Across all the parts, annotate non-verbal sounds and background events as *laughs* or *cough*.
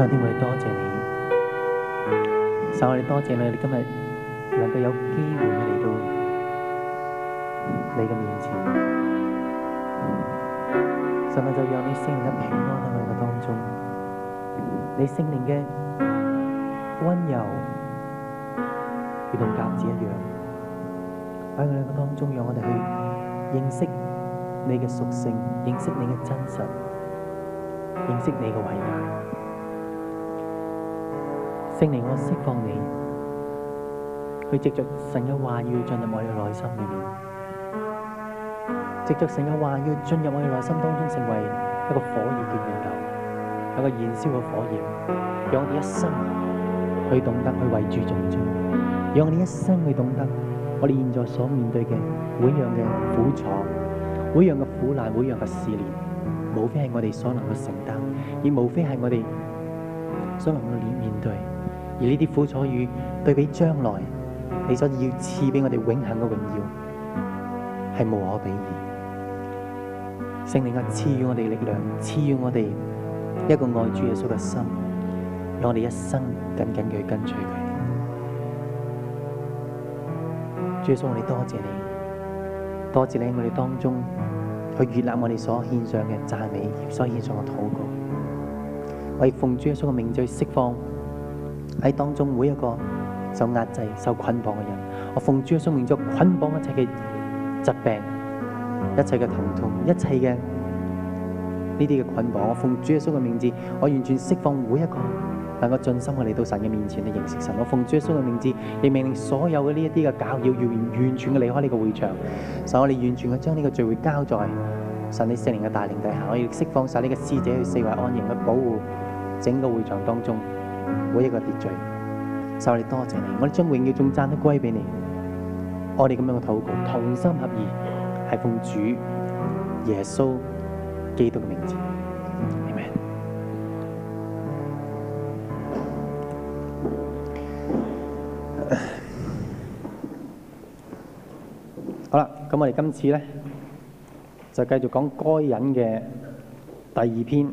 上帝，我哋多謝你，神啊，你多謝你，你今日能夠有機會嚟到你嘅面前，神、嗯、啊，就讓你聖靈嘅平安喺我哋當中，你聖靈嘅溫柔，如同鴿子一樣喺我哋嘅當中，讓我哋去認識你嘅屬性，認識你嘅真實，認識你嘅偉大證明我釋放你，去藉著神嘅話語進入我嘅內心裏面，藉著神嘅話語進入我嘅內心當中，成為一個火焰嘅源頭，一個燃燒嘅火焰，讓我哋一生去懂得去為主盡忠，讓我哋一生去懂得，我哋現在所面對嘅每一樣嘅苦楚，每一樣嘅苦難，每一樣嘅試煉，無非係我哋所能夠承擔，而無非係我哋所能夠面面對。而呢啲苦楚與對比將來你所要賜俾我哋永恒嘅榮耀，係無可比擬。聖靈啊，賜予我哋力量，賜予我哋一個愛主耶穌嘅心，讓我哋一生緊緊地跟隨佢。主耶穌，我哋多謝你，多謝你喺我哋當中去悅納我哋所獻上嘅讚美，所獻上嘅禱告，為奉主耶穌嘅名就去釋放。喺當中每一個受壓制、受捆綁嘅人，我奉主耶穌名作捆綁一切嘅疾病、一切嘅疼痛、一切嘅呢啲嘅捆綁，我奉主耶穌嘅名字，我完全釋放每一個能夠盡心去嚟到神嘅面前去認識神。我奉主耶穌嘅名字，亦命令所有嘅呢一啲嘅教妖要完全嘅離開呢個會場。所以我哋完全去將呢個聚會交在神你聖靈嘅大能底下，我要釋放曬呢個使者去維，去四圍安營去保護整個會場當中。每一個秩序，受你，多謝你，我哋將永遠仲讚得歸俾你。我哋咁樣嘅禱告，同心合意，係奉主耶穌基督嘅名字。Amen。 *laughs* 好啦，咁我哋今次咧，就繼續講該隱嘅第二篇。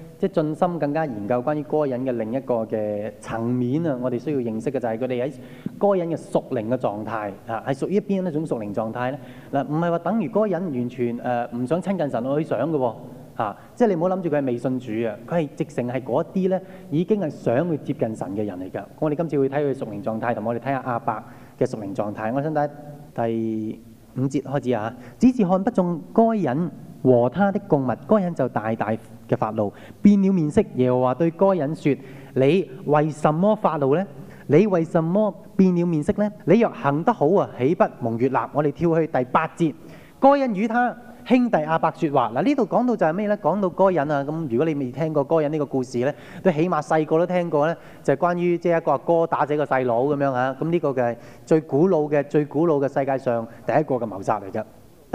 即係進深更加研究關於該隱嘅另一個嘅層面啊！我哋需要認識嘅就係佢哋喺該隱嘅屬靈嘅狀態啊，係屬於邊一種屬靈狀態咧？嗱，唔係話等於該隱完全誒唔想親近神去想嘅喎、啊，即係你唔好諗住佢係未信主啊，佢係直情係嗰啲咧已經係想去接近神嘅人嚟㗎。我哋今次會睇佢屬靈狀態，同我哋睇下亞伯嘅屬靈狀態。我想睇第五節開始啊，只是看不中該隱和他的供物，該隱就大大嘅發怒變了面色，耶和華對該隱説：你為什麼發怒呢？你為什麼變了面色呢？你若行得好啊，豈不蒙悅納。」我哋跳去第八節，該隱與他兄弟亞伯説話嗱，呢度講到就係咩呢？講到該隱啊，咁如果你未聽過該隱呢個故事呢，都起碼細個都聽過呢，就係、是、關於即係一個阿哥，哥打死個細佬咁樣嚇。咁呢個嘅最古老嘅、最古老嘅世界上第一個嘅謀殺嚟嘅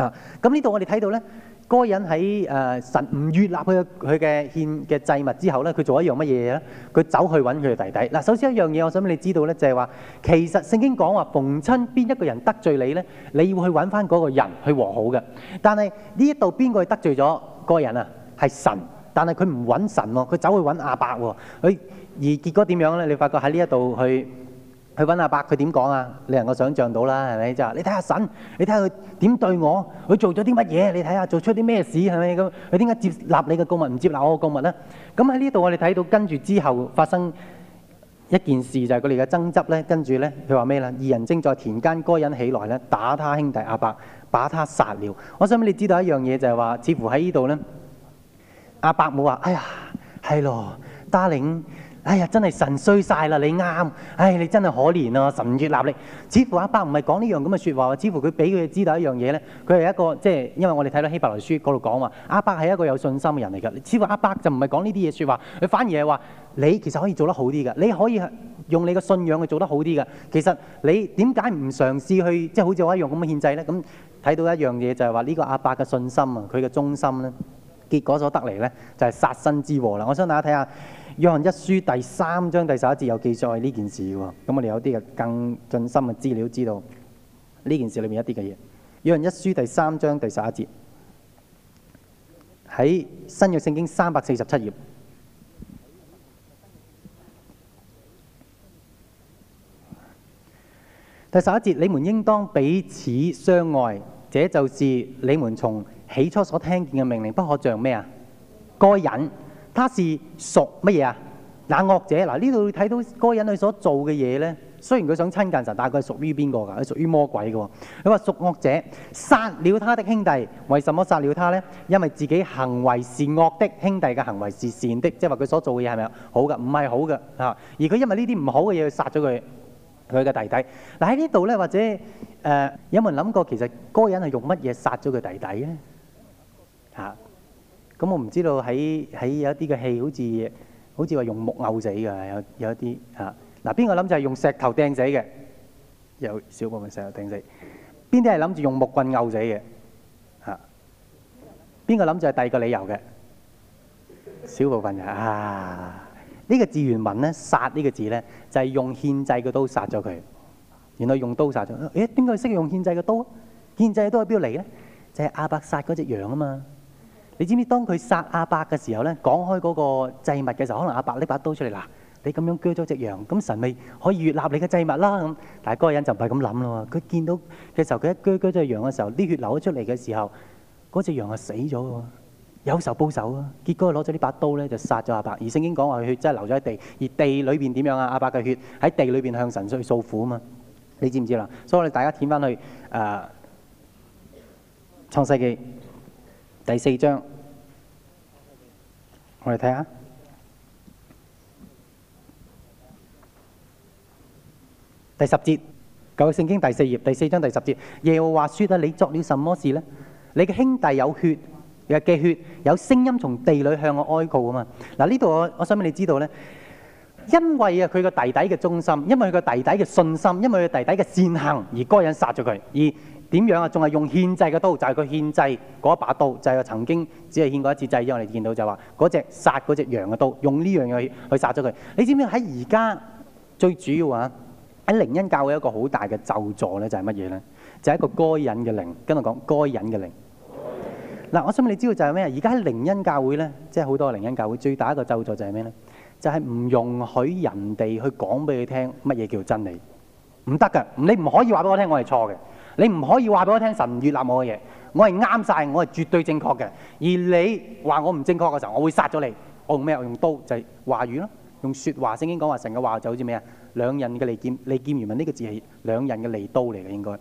啊。咁呢度我哋睇到呢。嗰個人喺誒神唔悅納佢佢嘅獻嘅祭物之後咧，佢做一樣乜嘢咧？佢走去揾佢嘅弟弟。嗱，首先一樣嘢，我想畀你知道咧，就係話其實聖經講話，逢親邊一個人得罪你咧，你要去揾翻嗰個人去和好嘅。但係呢一度邊個係得罪咗嗰個人啊？係神，但係佢唔揾神喎，佢走去揾亞伯喎。佢而結果點樣咧？你發覺喺呢一度去。去揾亞伯，佢點講啊？你能夠想像到啦，係咪就話你睇下神，你睇下佢點對我，佢做咗啲乜嘢？你睇下做出啲咩事係咪咁？佢點解接納你嘅供物，唔接納我嘅供物咧？咁喺呢度我哋睇到跟住之後發生一件事，就係佢哋嘅爭執咧。跟住咧，佢話咩啦？二人正在田間該隱起來咧，打他兄弟亞伯，把他殺了。我想俾你知道一樣嘢，就係話，似乎喺呢度咧，亞伯冇話，哎呀，係咯，darling。哎呀，真係神衰晒啦！你啱，哎，你真係可憐啊！神唔接納你！似乎阿伯唔係講呢樣咁嘅説話，似乎佢俾佢知道一樣嘢呢。佢係一個即係，因為我哋睇到希伯來書嗰度講話，阿伯係一個有信心嘅人嚟噶。似乎阿伯就唔係講呢啲嘢説話，佢反而係話你其實可以做得好啲嘅，你可以用你嘅信仰去做得好啲嘅。其實你點解唔嘗試去即係好似我一樣咁嘅獻祭呢？咁睇到一樣嘢就係話呢個阿伯嘅信心啊，佢嘅忠心呢，結果所得嚟呢，就係、是、殺身之禍啦。我想大家睇下。約翰一書第三章第十一節有記載呢件事喎，咁我哋有啲嘅更進深嘅資料知道呢件事裏面一啲嘅嘢。約翰一書第三章第十一節喺新約聖經三百四十七頁。第十一節，你們應當彼此相愛，這就是你們從起初所聽見嘅命令，不可像咩啊？該隱。他是屬乜嘢啊？那惡者。嗱，呢度你睇到嗰個人佢所做嘅嘢咧，雖然佢想親近神，但係佢係屬於邊個㗎？佢屬於魔鬼嘅喎。佢話屬惡者，殺了他的兄弟，為什麼殺了他咧？因為自己行為是惡的，兄弟嘅行為是善的，即係話佢所做嘅嘢係咪啊？好嘅，唔係好嘅嚇。而佢因為呢啲唔好嘅嘢去殺咗佢佢嘅弟弟。嗱，喺呢度咧，或者誒，有冇諗過其實嗰個人係用乜嘢殺咗佢弟弟咧？嚇！咁我唔知道喺喺有一啲嘅戲，好似好似話用木偶死嘅，有有一啲嚇。嗱、啊，邊個諗就係用石頭掟死嘅？有少部分石頭掟死。邊啲係諗住用木棍毆死嘅？嚇、啊。邊個諗就係第二個理由嘅？少部分就啊，呢、這個字原文咧，殺呢個字咧，就係、是、用獻祭嘅刀殺咗佢。原來用刀殺咗。誒，點解你識用獻祭嘅刀？獻祭嘅刀喺邊度嚟咧？就係、是、亞伯殺嗰隻羊啊嘛。你知唔知當佢殺阿伯嘅時候咧，講開嗰個祭物嘅時候，可能阿伯拎把刀出嚟，嗱，你咁樣鋸咗隻羊，咁神咪可以悅納你嘅祭物啦咁，但係嗰個人就唔係咁諗咯，佢見到嘅時候，佢一鋸鋸咗隻羊嘅時候，啲血流咗出嚟嘅時候，嗰隻羊就死咗喎，有仇報仇啊！結果佢攞咗呢把刀咧就殺咗阿伯，而聖經講話佢血真係流咗喺地，而地裏邊點樣啊？阿伯嘅血喺地裏邊向神去訴苦啊嘛！你知唔知啦？所以我哋大家睇翻去誒創世記。第四章，我哋睇下第十節，舊嘅聖經第四頁第四章第十節，耶和華說啊，你作了什麼事呢？你嘅兄弟有血，血有嘅血，有聲音從地裏向我哀告啊嘛。嗱，呢度我我想俾你知道呢，因為啊佢個弟弟嘅忠心，因為佢個弟弟嘅信心，因為佢弟弟嘅善行而該隱殺咗佢而。點樣啊？仲係用獻祭嘅刀，就係佢獻祭嗰一把刀，就係佢曾經只係獻過一次祭因為，你見到就話嗰隻殺嗰隻羊嘅刀，用呢樣嘢去殺咗佢。你知唔知喺而家最主要啊，喺靈恩教會一個好大嘅咒助咧，就係乜嘢咧？就係一個該隱嘅靈。跟我講該隱嘅靈，嗱，我想問你知道就係咩？而家喺靈恩教會咧，即係好多靈恩教會最大一個咒助就係咩咧？就係唔容許人哋去講俾佢聽乜嘢叫真理，唔得㗎。你唔可以話俾我聽，我係錯嘅。你唔可以話俾我聽神悅納我嘅嘢，我係啱晒，我係絕對正確嘅。而你話我唔正確嘅時候，我會殺咗你。我用咩？我用刀，就係、是、話語咯，用説話，聖經講話神嘅話就好似咩啊？兩刃嘅利劍，利劍原文呢個字係兩刃嘅利刀嚟嘅應該。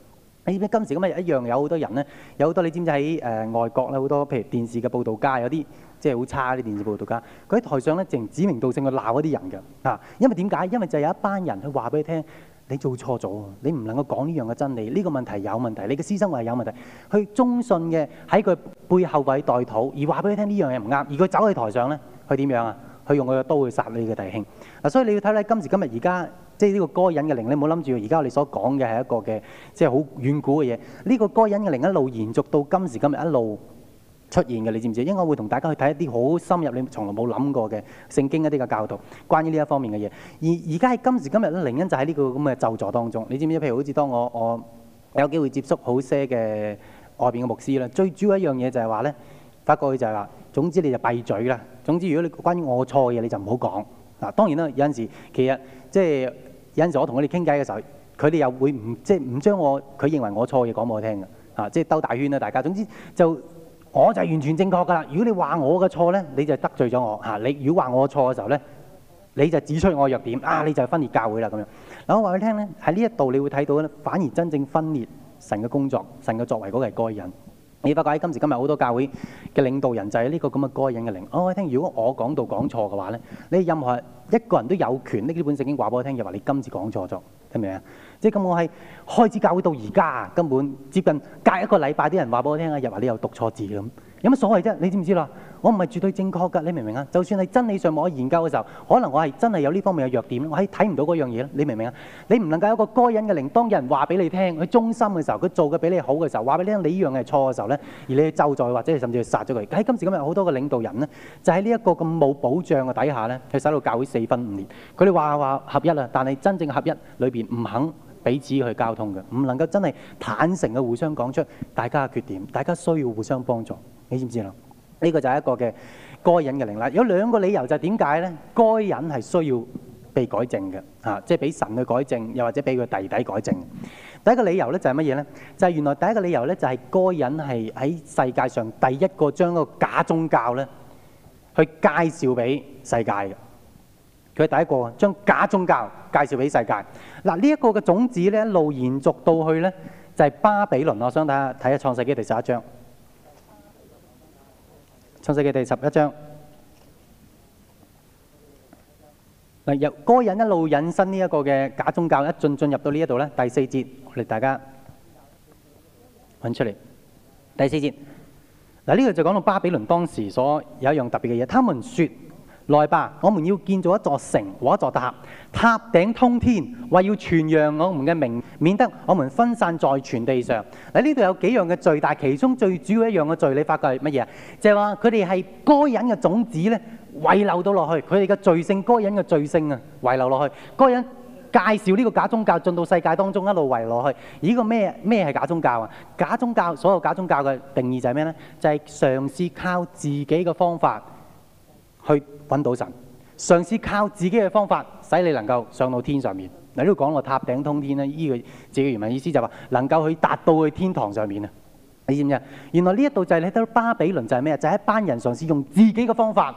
今時今日一樣有好多人呢，有好多你知唔知喺誒外國咧，好多譬如電視嘅報道家，有啲即係好差啲電視報道家，佢喺台上呢，淨指名道姓去鬧嗰啲人嘅啊，因為點解？因為就有一班人去話俾你聽。你做錯咗啊！你唔能夠講呢樣嘅真理，呢個問題有問題，你嘅私生活係有問題。佢忠信嘅喺佢背後位代禱，而話俾佢聽呢樣嘢唔啱，而佢走喺台上咧，佢點樣啊？佢用佢嘅刀去殺你嘅弟兄。嗱，所以你要睇咧，今時今日而家即係呢個該隱嘅靈，你唔好諗住而家我哋所講嘅係一個嘅即係好遠古嘅嘢。呢個該隱嘅靈一路延續到今時今日一路。出現嘅，你知唔知？應該會同大家去睇一啲好深入，你從來冇諗過嘅聖經一啲嘅教導，關於呢一方面嘅嘢。而而家今時今日咧，靈恩就喺呢、這個咁嘅咒詛當中。你知唔知？譬如好似當我我有機會接觸好些嘅外邊嘅牧師咧，最主要一樣嘢就係話咧，翻過去就係、是、話，總之你就閉嘴啦。總之如果你關於我錯嘅嘢，你就唔好講嗱。當然啦，有陣時其實即係有陣時我同佢哋傾偈嘅時候，佢哋又會唔即係唔將我佢認為我錯嘢講俾我聽㗎啊，即係兜大圈啦，大家。總之就。我就係完全正確㗎啦！如果你話我嘅錯呢，你就得罪咗我嚇、啊。你如果話我錯嘅時候呢，你就指出我弱點啊！你就係分裂教會啦咁樣。嗱，我話你聽呢，喺呢一度你會睇到呢，反而真正分裂神嘅工作、神嘅作為嗰個係該隱。你發覺喺今時今日好多教會嘅領導人就係呢個咁嘅該隱嘅靈。我話你聽，如果我講到講錯嘅話呢，你任何一個人都有權用呢本聖經話我聽，又話你今次講錯咗，聽明啊？即係咁，我係開始教會到而家啊，根本接近隔一個禮拜啲人話俾我聽啊，又話你有讀錯字咁，有乜所謂啫？你知唔知啦？我唔係絕對正確㗎，你明唔明啊？就算係真理上冇研究嘅時候，可能我係真係有呢方面嘅弱點，我係睇唔到嗰樣嘢咧。你明唔明啊？你唔能夠有一個該隱嘅靈，當有人話俾你聽佢忠心嘅時候，佢做嘅比你好嘅時候，話俾你聽你依樣係錯嘅時候咧，而你去咒詛或者甚至去殺咗佢。喺今時今日好多嘅領導人咧，就喺呢一個咁冇保障嘅底下咧，佢使到教會四分五裂。佢哋話話合一啦，但係真正合一裏邊唔肯。彼此去交通嘅，唔能夠真係坦誠嘅互相講出大家嘅缺點，大家需要互相幫助。你知唔知啦？呢個就係一個嘅該隱嘅靈力。有兩個理由就係點解呢？該隱係需要被改正嘅，啊，即係俾神去改正，又或者俾佢弟弟改正。第一個理由呢就係乜嘢呢？就係原來第一個理由呢就係該隱係喺世界上第一個將嗰個假宗教呢，去介紹俾世界嘅。佢係第一個將假宗教介紹俾世界。嗱，呢一個嘅種子咧，一路延續到去咧，就係巴比倫。我想睇下，睇下創世記第十一章。創世記第十一章。嗱，由該隱一路引申呢一個嘅假宗教，一進進入到呢一度咧，第四節，我哋大家揾出嚟。第四節。嗱，呢度就講到巴比倫當時所有一樣特別嘅嘢，他們說。來吧，我們要建造一座城或一座塔，塔頂通天，為要傳揚我們嘅名，免得我們分散在全地上。嗱，呢度有幾樣嘅罪，但其中最主要一樣嘅罪，你發覺係乜嘢？就係話佢哋係該隱嘅種子呢，遺留到落去，佢哋嘅罪性，該隱嘅罪性啊，遺留落去。該隱介紹呢個假宗教進到世界當中，一路遺落去。而呢個咩咩係假宗教啊？假宗教，所有假宗教嘅定義就係咩呢？就係、是、嘗試靠自己嘅方法，去搵到神，嘗試靠自己嘅方法，使你能夠上到天上面嗱。呢度講到塔頂通天呢，呢、這個自己原文意思就係話能夠去達到去天堂上面啊。你知唔知？原來呢一度就係、是、睇到巴比倫就係咩就係、是、一班人嘗試用自己嘅方法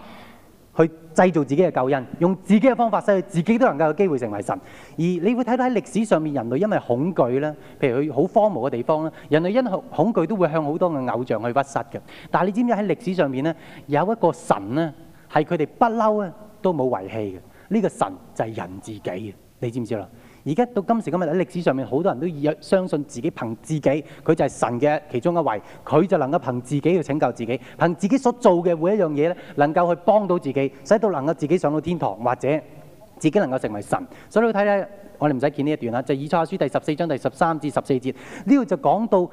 去製造自己嘅救恩，用自己嘅方法使自己都能夠有機會成為神。而你會睇到喺歷史上面人類因為恐懼咧，譬如佢好荒蕪嘅地方咧，人類因恐恐懼都會向好多嘅偶像去屈膝嘅。但係你知唔知喺歷史上面呢，有一個神呢。係佢哋不嬲啊，都冇遺棄嘅。呢個神就係人自己嘅，你知唔知啦？而家到今時今日喺歷史上面，好多人都有相信自己憑自己，佢就係神嘅其中一位，佢就能夠憑自己去拯救自己，憑自己所做嘅每一樣嘢咧，能夠去幫到自己，使到能夠自己上到天堂，或者自己能夠成為神。所以你睇咧，我哋唔使見呢一段啦，就以賽亞書第十四章第十三至十四節，呢度就講到。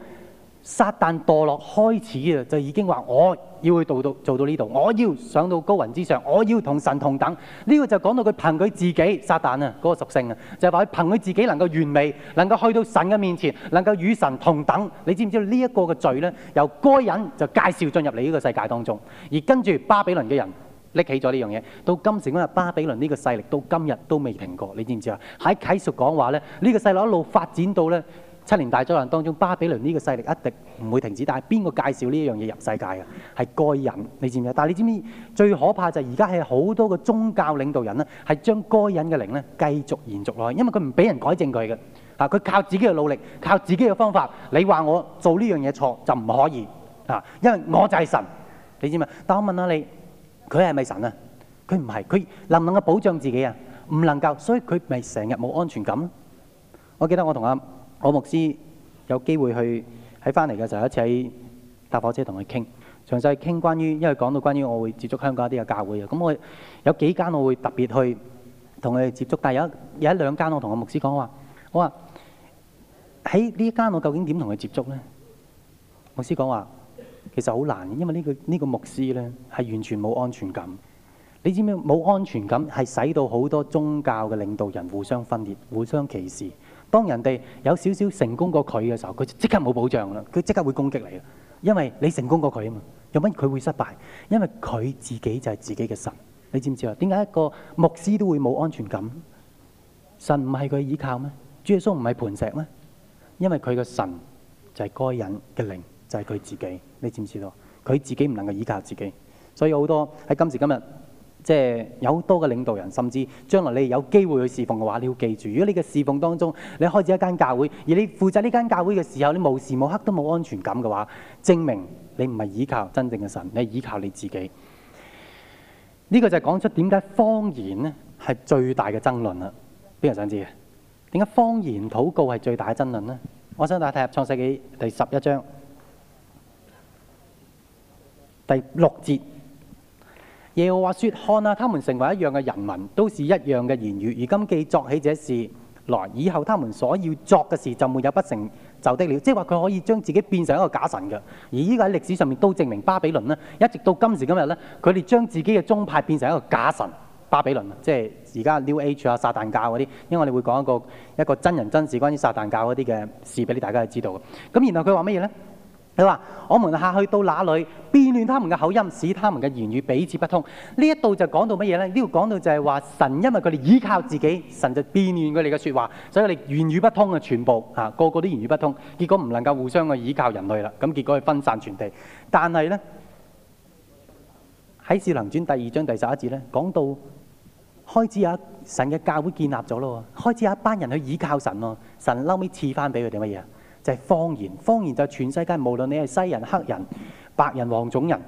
撒旦墮落開始啊，就已經話我要去到到做到呢度，我要上到高雲之上，我要同神同等。呢個就講到佢憑佢自己，撒旦啊嗰、那個屬性啊，就係話佢憑佢自己能夠完美，能夠去到神嘅面前，能夠與神同等。你知唔知道呢一個嘅罪呢？由該隱就介紹進入你呢個世界當中，而跟住巴比倫嘅人拎起咗呢樣嘢，到今時今日巴比倫呢個勢力到今日都未停過。你知唔知啊？喺啟示講話呢，呢、這個勢力一路發展到呢。七年大災難當中，巴比倫呢個勢力一定唔會停止。但係邊個介紹呢一樣嘢入世界嘅係該隱？你知唔知？但係你知唔知最可怕就係而家係好多個宗教領導人呢，係將該隱嘅靈呢，繼續延續落去，因為佢唔俾人改正佢嘅嚇。佢靠自己嘅努力，靠自己嘅方法。你話我做呢樣嘢錯就唔可以啊，因為我就係神。你知嘛？但我問下你，佢係咪神啊？佢唔係，佢能唔能夠保障自己啊？唔能夠，所以佢咪成日冇安全感。我記得我同阿。我牧師有機會去喺翻嚟嘅時候，一齊搭火車同佢傾，詳細傾關於，因為講到關於我會接觸香港一啲嘅教會嘅，咁我有幾間我會特別去同佢接觸，但係有有一兩間我同我牧師講話，我話喺呢間我究竟點同佢接觸咧？牧師講話其實好難，因為呢個呢個牧師咧係完全冇安全感。你知唔知冇安全感係使到好多宗教嘅領導人互相分裂、互相歧視？當人哋有少少成功過佢嘅時候，佢即刻冇保障啦，佢即刻會攻擊你啦！因為你成功過佢啊嘛，有乜佢會失敗？因為佢自己就係自己嘅神，你知唔知啊？點解一個牧師都會冇安全感？神唔係佢依靠咩？耶穌唔係磐石咩？因為佢嘅神就係該人嘅靈，就係佢自己。你知唔知道？佢自己唔能夠依靠自己，所以好多喺今時今日。即係有好多嘅領導人，甚至將來你有機會去侍奉嘅話，你要記住。如果你嘅侍奉當中，你開始一間教會，而你負責呢間教會嘅時候，你無時無刻都冇安全感嘅話，證明你唔係依靠真正嘅神，你係依靠你自己。呢個就係講出點解方言咧係最大嘅爭論啦。邊人想知嘅？點解方言禱告係最大嘅爭論呢？我想大家睇《創世紀》第十一章第六節。耶和華說：看啊，他們成為一樣嘅人民，都是一樣嘅言語。而今既作起這事來，以後他們所要作嘅事就沒有不成就的了。即係話佢可以將自己變成一個假神嘅。而依個喺歷史上面都證明巴比倫呢，一直到今時今日呢，佢哋將自己嘅宗派變成一個假神巴比倫。即係而家 New Age 啊、撒旦教嗰啲，因為我哋會講一個一個真人真事關於撒旦教嗰啲嘅事俾你大家去知道。咁然後佢話乜嘢呢？你話，我們下去到哪裏，變亂他們嘅口音，使他們嘅言語彼此不通。呢一度就講到乜嘢呢？呢度講到就係話神因為佢哋倚靠自己，神就變亂佢哋嘅説話，所以佢哋言語不通嘅全部啊，個個都言語不通，結果唔能夠互相去倚靠人類啦。咁結果係分散全地。但係呢，喺《智能傳》第二章第十一節呢，講到開始有神嘅教會建立咗咯，開始有一班人去倚靠神咯，神後尾賜翻俾佢哋乜嘢？就係方言，方言就係全世界，無論你係西人、黑人、白人、黃種人、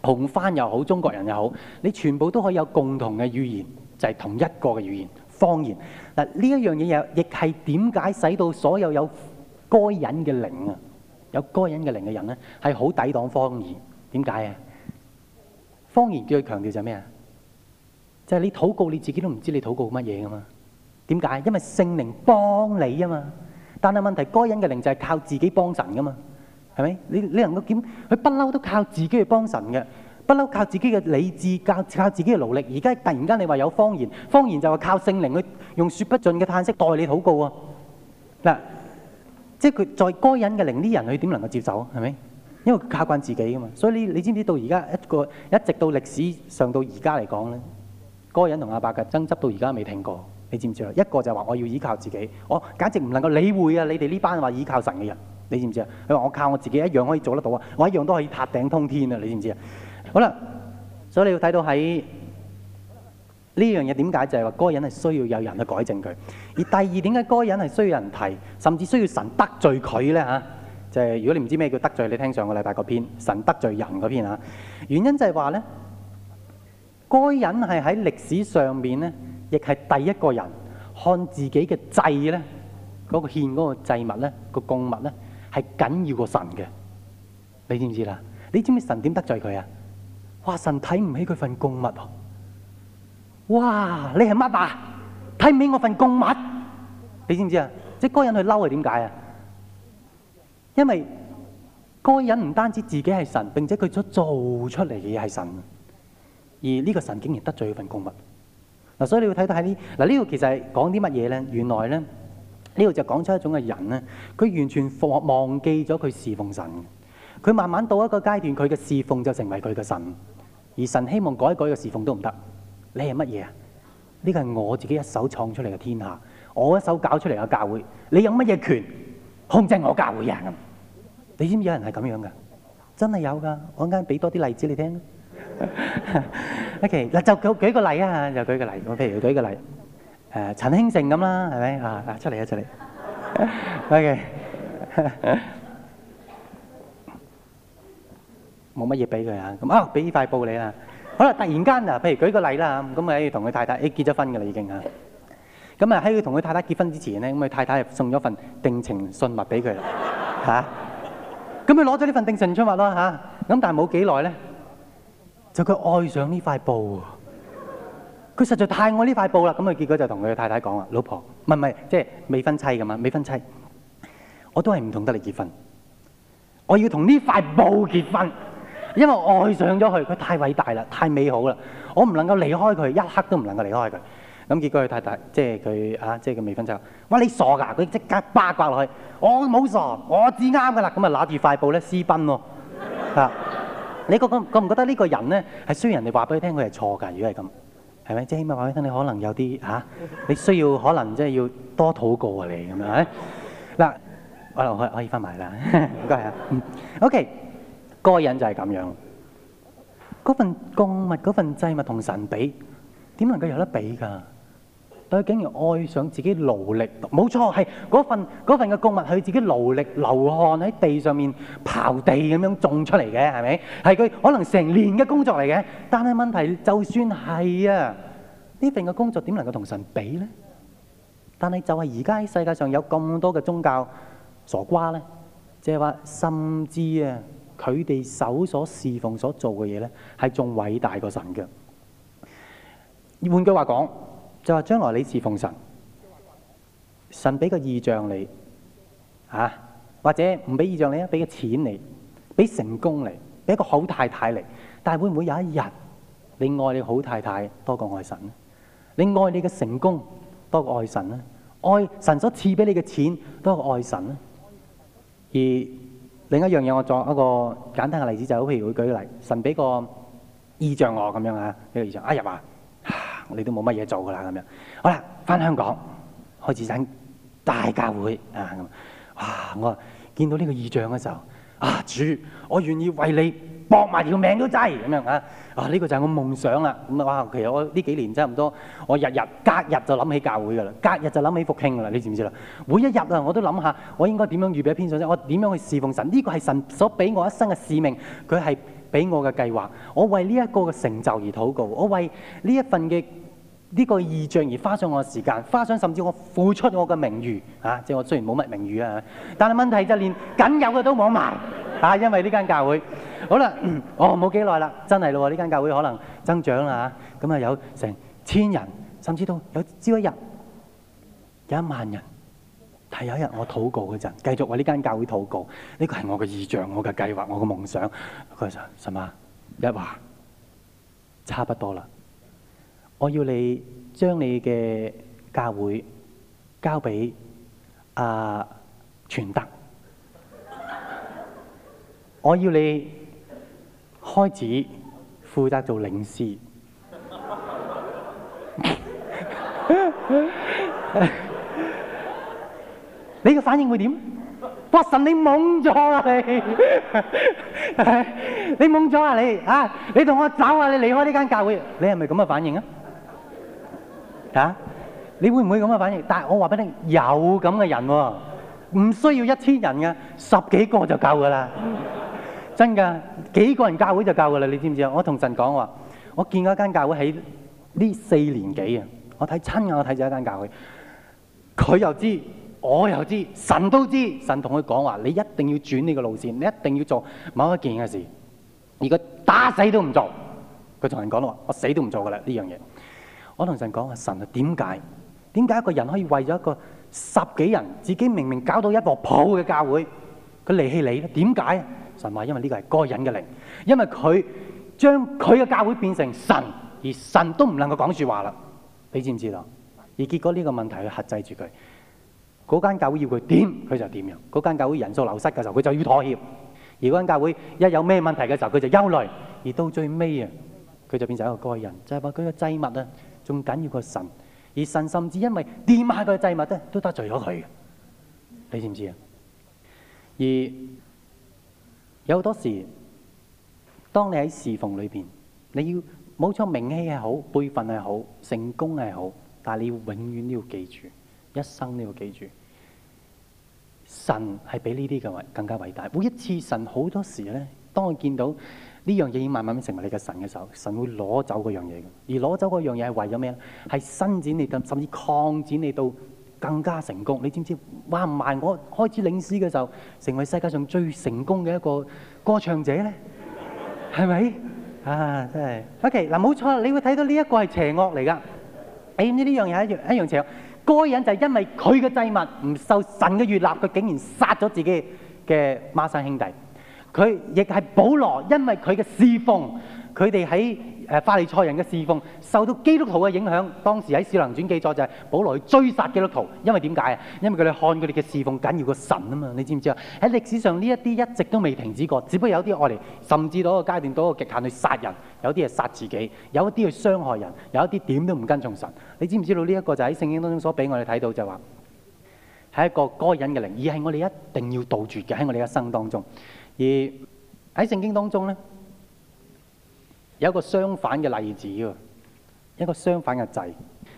紅番又好，中國人又好，你全部都可以有共同嘅語言，就係同一個嘅語言，方言。嗱，呢一樣嘢又亦係點解使到所有有該隱嘅靈啊，有該隱嘅靈嘅人咧，係好抵擋方言？點解啊？方言叫佢強調就係咩啊？就係你禱告你自己都唔知你禱告乜嘢噶嘛？點解？因為聖靈幫你啊嘛。但係問題是，該隱嘅靈就係靠自己幫神噶嘛，係咪？你你能夠點？佢不嬲都靠自己去幫神嘅，不嬲靠自己嘅理智，靠靠自己嘅勞力。而家突然間你話有方言，方言就係靠聖靈去用説不盡嘅嘆息代你禱告啊！嗱，即係佢再該隱嘅靈啲人，佢點能夠接受？啊？係咪？因為靠慣自己啊嘛。所以你你知唔知道到而家一個一直到歷史上到而家嚟講咧，該隱同亞伯嘅爭執到而家未停過。你知唔知啊？一個就係話我要依靠自己，我簡直唔能夠理會啊！你哋呢班話依靠神嘅人，你知唔知啊？佢話我靠我自己一樣可以做得到啊！我一樣都可以塔頂通天啊！你知唔知啊？好啦，所以你要睇到喺呢了樣嘢點解就係話該隱係需要有人去改正佢，而第二點解該隱係需要人提，甚至需要神得罪佢呢。嚇、就係。就係如果你唔知咩叫得罪，你聽上個禮拜嗰篇，神得罪人嗰篇啊。原因就係話呢，該隱係喺歷史上面咧。亦係第一個人看自己嘅祭咧，嗰、嗰個獻嗰、嗰個祭物咧，嗰個供物咧，係緊要過神嘅。你知唔知啦？你知唔知神點得罪佢啊？話神睇唔起佢份供物。哇！你係乜啊？睇唔起我份供物？你知唔知啊？即、那、該、個、人去嬲係點解啊？因為該人唔單止自己係神，並且佢所做出嚟嘅嘢係神，而呢個神竟然得罪佢份供物。嗱，所以你要睇到喺呢，嗱呢度其實係講啲乜嘢咧？原來咧，呢度就講出一種嘅人咧，佢完全忘忘記咗佢侍奉神。佢慢慢到一個階段，佢嘅侍奉就成為佢嘅神。而神希望改一改嘅侍奉都唔得。你係乜嘢啊？呢個係我自己一手創出嚟嘅天下，我一手搞出嚟嘅教會。你有乜嘢權控制我教會人？你知唔知有人係咁樣㗎？真係有㗎。我陣間俾多啲例子你聽。OK，嗱就舉舉個例啊，就舉個例，我譬如舉個例，誒陳興盛咁啦，係咪啊？嗱出嚟啊，出嚟。OK，冇乜嘢俾佢啊，咁啊俾呢塊布你啦。好啦，突然間啊，譬如舉個例啦，咁啊要同佢太太誒結咗婚噶啦，已經啊，咁啊喺佢同佢太太結婚之前咧，咁佢太太送咗份定情信物俾佢啦，吓，咁佢攞咗呢份定情信物咯，吓，咁但係冇幾耐咧。就佢愛上呢塊布啊！佢實在太愛呢塊布啦，咁佢結果就同佢太太講啊：老婆，唔係唔係，即係未婚妻咁啊！未婚妻，我都係唔同得你結婚，我要同呢塊布結婚，因為愛上咗佢，佢太偉大啦，太美好啦，我唔能夠離開佢，一刻都唔能夠離開佢。咁結果佢太太，即係佢啊，即係佢未婚妻話：你傻噶！佢即刻八卦落去，我冇傻，我至啱噶啦。咁啊攞住塊布咧私奔喎 *laughs* 你覺唔覺唔覺得呢個人咧係需要人哋話俾你聽佢係錯㗎？如果係咁，係咪？即係起碼話俾你聽，你可能有啲嚇、啊，你需要可能即係要多禱告你咁樣。嗱、啊，我我可以返埋啦，唔該啊。OK，嗰個人就係咁樣。嗰份供物、嗰份祭物同神比，點能夠有得比㗎？佢竟然愛上自己勞力，冇錯，係嗰份嗰份嘅供物，佢自己勞力流汗喺地上面刨地咁樣種出嚟嘅，係咪？係佢可能成年嘅工作嚟嘅。但係問題，就算係啊，呢份嘅工作點能夠同神比呢？但係就係而家喺世界上有咁多嘅宗教傻瓜呢，即係話甚至啊，佢哋手所侍奉所做嘅嘢呢，係仲偉大過神嘅。換句話講。就話將來你事奉神，神俾個意象你，啊或者唔俾意象你啊，俾個錢你，俾成功嚟，俾一個好太太嚟。但係會唔會有一日，你愛你的好太太多過愛神咧？你愛你嘅成功多過愛神咧？愛神所賜俾你嘅錢多過愛神咧？而另一樣嘢，我作一個簡單嘅例子，就好，是，譬如佢舉例，神俾個意象我咁樣啊，呢個意象，阿，這個啊，入啊。你都冇乜嘢做噶啦，咁樣好啦，翻香港開始整大教會啊！哇，我見到呢個異象嘅時候，啊主，我願意為你搏埋條命都制，咁樣，樣啊！啊、這、呢個就係我夢想啦！咁啊哇，其實我呢幾年差唔多，我日日隔日就諗起教會噶啦，隔日就諗起復興噶啦，你知唔知啦？每一日啊，我都諗下我應該點樣預備一篇信息，我點樣去侍奉神？呢個係神所俾我一生嘅使命，佢係。俾我嘅計劃，我為呢一個嘅成就而禱告，我為呢一份嘅呢、這個異象而花上我嘅時間，花上甚至我付出我嘅名譽，嚇、啊！即係我雖然冇乜名譽啊，但係問題就連僅有嘅都攞埋嚇，因為呢間教會好啦，我冇幾耐啦，真係咯喎，呢間教會可能增長啦咁啊、嗯、有成千人，甚至到有朝一日有一萬人。係有一日我禱告嗰陣，繼續為呢間教會禱告。呢個係我嘅意象，我嘅計劃，我嘅夢想。佢話：神啊，一話差不多啦。我要你將你嘅教會交俾啊傳德。我要你開始負責做領事。 *laughs* *laughs* 你嘅反應會點？哇！神你懵咗啊！你你懵咗啊！你嚇你同我走啊！你離開呢間教會，你係咪咁嘅反應啊？嚇！你會唔會咁嘅反應？但係我話俾你聽，有咁嘅人喎，唔需要一千人噶，十幾個就夠噶啦。真㗎，幾個人教會就夠㗎啦！你知唔知啊？我同神講話，我見過一間教會喺呢四年幾啊！我睇親啊！我睇咗一間教會，佢又知。我又知神都知，神同佢講話：你一定要轉呢個路線，你一定要做某一件嘅事。而佢打死都唔做，佢同人講咯：話我死都唔做噶啦呢樣嘢。我同神講啊，神啊，點解？點解一個人可以為咗一個十幾人，自己明明搞到一個破嘅教會，佢離棄你咧？點解？神話因為呢個係該隱嘅靈，因為佢將佢嘅教會變成神，而神都唔能夠講說話啦。你知唔知道？而結果呢個問題去克制住佢。嗰間教會要佢點，佢就點樣。嗰間教會人數流失嘅時候，佢就要妥協；而嗰間教會一有咩問題嘅時候，佢就憂慮。而到最尾啊，佢就變成一個該人，就係話佢嘅祭物啊，仲緊要過神。而神甚至因為掂下佢嘅祭物咧，都得罪咗佢。你知唔知啊？而有好多時，當你喺侍奉裏面，你要冇錯名氣係好，輩份係好，成功係好，但係你要永遠都要記住。一生都要記住，神係比呢啲嘅更加偉大。每一次神好多時咧，當我見到呢樣嘢慢慢成為你嘅神嘅時候，神會攞走嗰樣嘢嘅。而攞走嗰樣嘢係為咗咩咧？係伸展你，甚至擴展你到更加成功。你知唔知話唔埋我開始領詩嘅時候，成為世界上最成功嘅一個歌唱者咧，係咪？ *laughs* 啊，真係。OK，嗱，冇、okay, 錯，你會睇到呢一個係邪惡嚟㗎。哎，呢樣嘢一樣一樣邪惡。該隱就係因為佢嘅祭物唔受神嘅悅納，佢竟然殺咗自己嘅孖生兄弟。佢亦係保羅，因為佢嘅侍奉，佢哋喺。誒法利賽人嘅侍奉受到基督徒嘅影響，當時喺《使徒行傳》記載就係保羅去追殺基督徒，因為點解啊？因為佢哋看佢哋嘅侍奉緊要過神啊嘛！你知唔知啊？喺歷史上呢一啲一直都未停止過，只不過有啲愛嚟，甚至到一個階段到一個極限去殺人，有啲係殺自己，有啲去傷害人，有一啲點都唔跟從神。你知唔知道呢一、這個就喺聖經當中所俾我哋睇到就話、是、係一個該隱嘅靈，而係我哋一定要杜絕嘅喺我哋一生當中。而喺聖經當中咧。有一個相反嘅例子喎，一個相反嘅祭，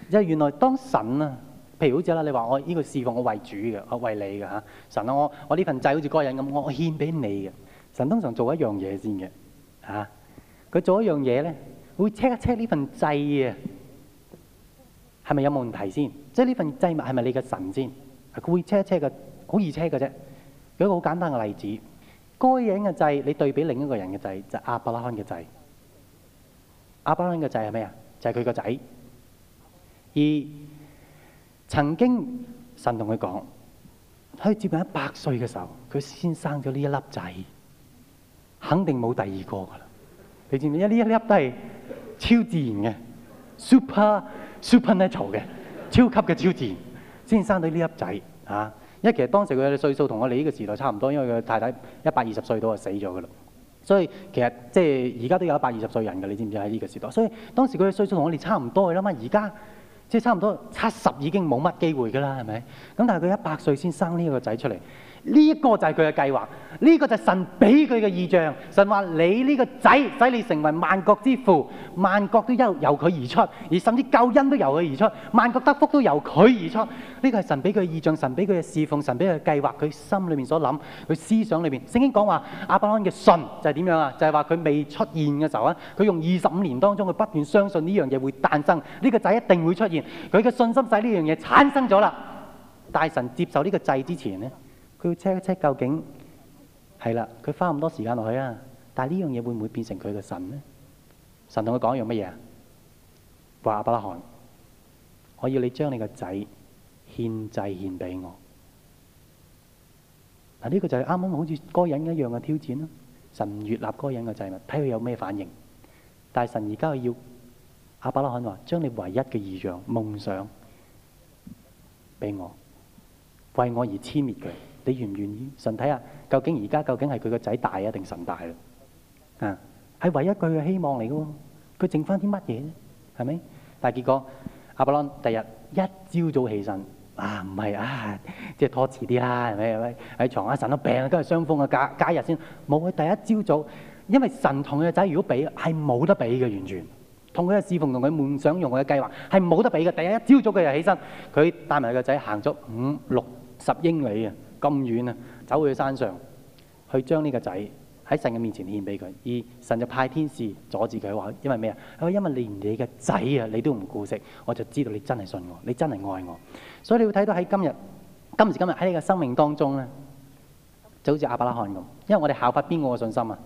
即係原來當神啊，譬如好似啦，你話我呢、這個侍奉我為主嘅，我為你嘅嚇神啊，我我呢份祭好似個人咁，我我獻俾你嘅神。通常做一樣嘢先嘅嚇，佢、啊、做一樣嘢咧，會 check 一 check 呢份祭啊，係咪有冇問題先？即係呢份祭物係咪你嘅神先？佢會 check 一 check 嘅，好易 check 嘅啫。有一個好簡單嘅例子，該隱嘅祭，你對比另一個人嘅祭，就是、亞伯拉罕嘅祭。阿巴倫個仔係咩啊？就係佢個仔。而曾經神同佢講，佢接近一百歲嘅時候，佢先生咗呢一粒仔，肯定冇第二個噶啦。你知唔知？因為這一呢一粒都係超自然嘅，super supernatural 嘅，超級嘅超自然，先生到呢粒仔啊！因為其實當時佢嘅歲數同我哋呢個時代差唔多，因為佢太太一百二十歲到啊死咗噶啦。所以其實即係而家都有一百二十歲的人㗎，你知唔知喺呢個時代？所以當時佢嘅歲數同我哋差唔多啦嘛，而家即係差唔多七十已經冇乜機會㗎啦，係咪？咁但係佢一百歲先生呢個仔出嚟。呢一個就係佢嘅計劃，呢個就係神俾佢嘅意象。神話你呢個仔使你成為萬國之父，萬國都由由佢而出，而甚至救恩都由佢而出，萬國得福都由佢而出。呢個係神俾佢嘅意象，神俾佢嘅侍奉，神俾佢嘅計劃，佢心裏面所諗，佢思想裏面。聖經講話亞伯拉罕嘅信就係點樣啊？就係話佢未出現嘅時候啊，佢用二十五年當中，佢不斷相信呢樣嘢會誕生，呢個仔一定會出現。佢嘅信心使呢樣嘢產生咗啦。大神接受呢個祭之前呢。佢 check 一 check，究竟係啦，佢花咁多時間落去啊。但係呢樣嘢會唔會變成佢嘅神咧？神同佢講一樣乜嘢啊？話亞伯拉罕，我要你將你個仔獻祭獻俾我。嗱，呢個就係啱啱好似該隱一樣嘅挑戰啦。神越立該隱嘅祭物，睇佢有咩反應。但係神而家要亞伯拉罕話將你唯一嘅異象、夢想俾我，為我而殲滅佢。你願唔願意？神睇下究竟而家究竟係佢個仔大啊，定神大啊？啊，係唯一佢嘅希望嚟嘅喎。佢剩翻啲乜嘢咧？係咪？但係結果亞伯拉罕第日一朝早起身啊，唔係啊，即係拖遲啲啦，係咪？喺牀一陣都病啊，都係傷風啊，假假日先冇佢第一朝早，因為神同佢個仔如果比係冇得比嘅，完全同佢嘅侍奉同佢夢想用佢嘅計劃係冇得比嘅。第一一朝早佢就起身，佢帶埋個仔行咗五六十英里啊！咁遠啊，走去山上，去將呢個仔喺神嘅面前獻俾佢，而神就派天使阻止佢話，因為咩啊？因為連你嘅仔啊，你都唔顧惜，我就知道你真係信我，你真係愛我。所以你會睇到喺今日，今時今日喺你嘅生命當中咧，就好似亞伯拉罕咁。因為我哋效法邊個嘅信心啊？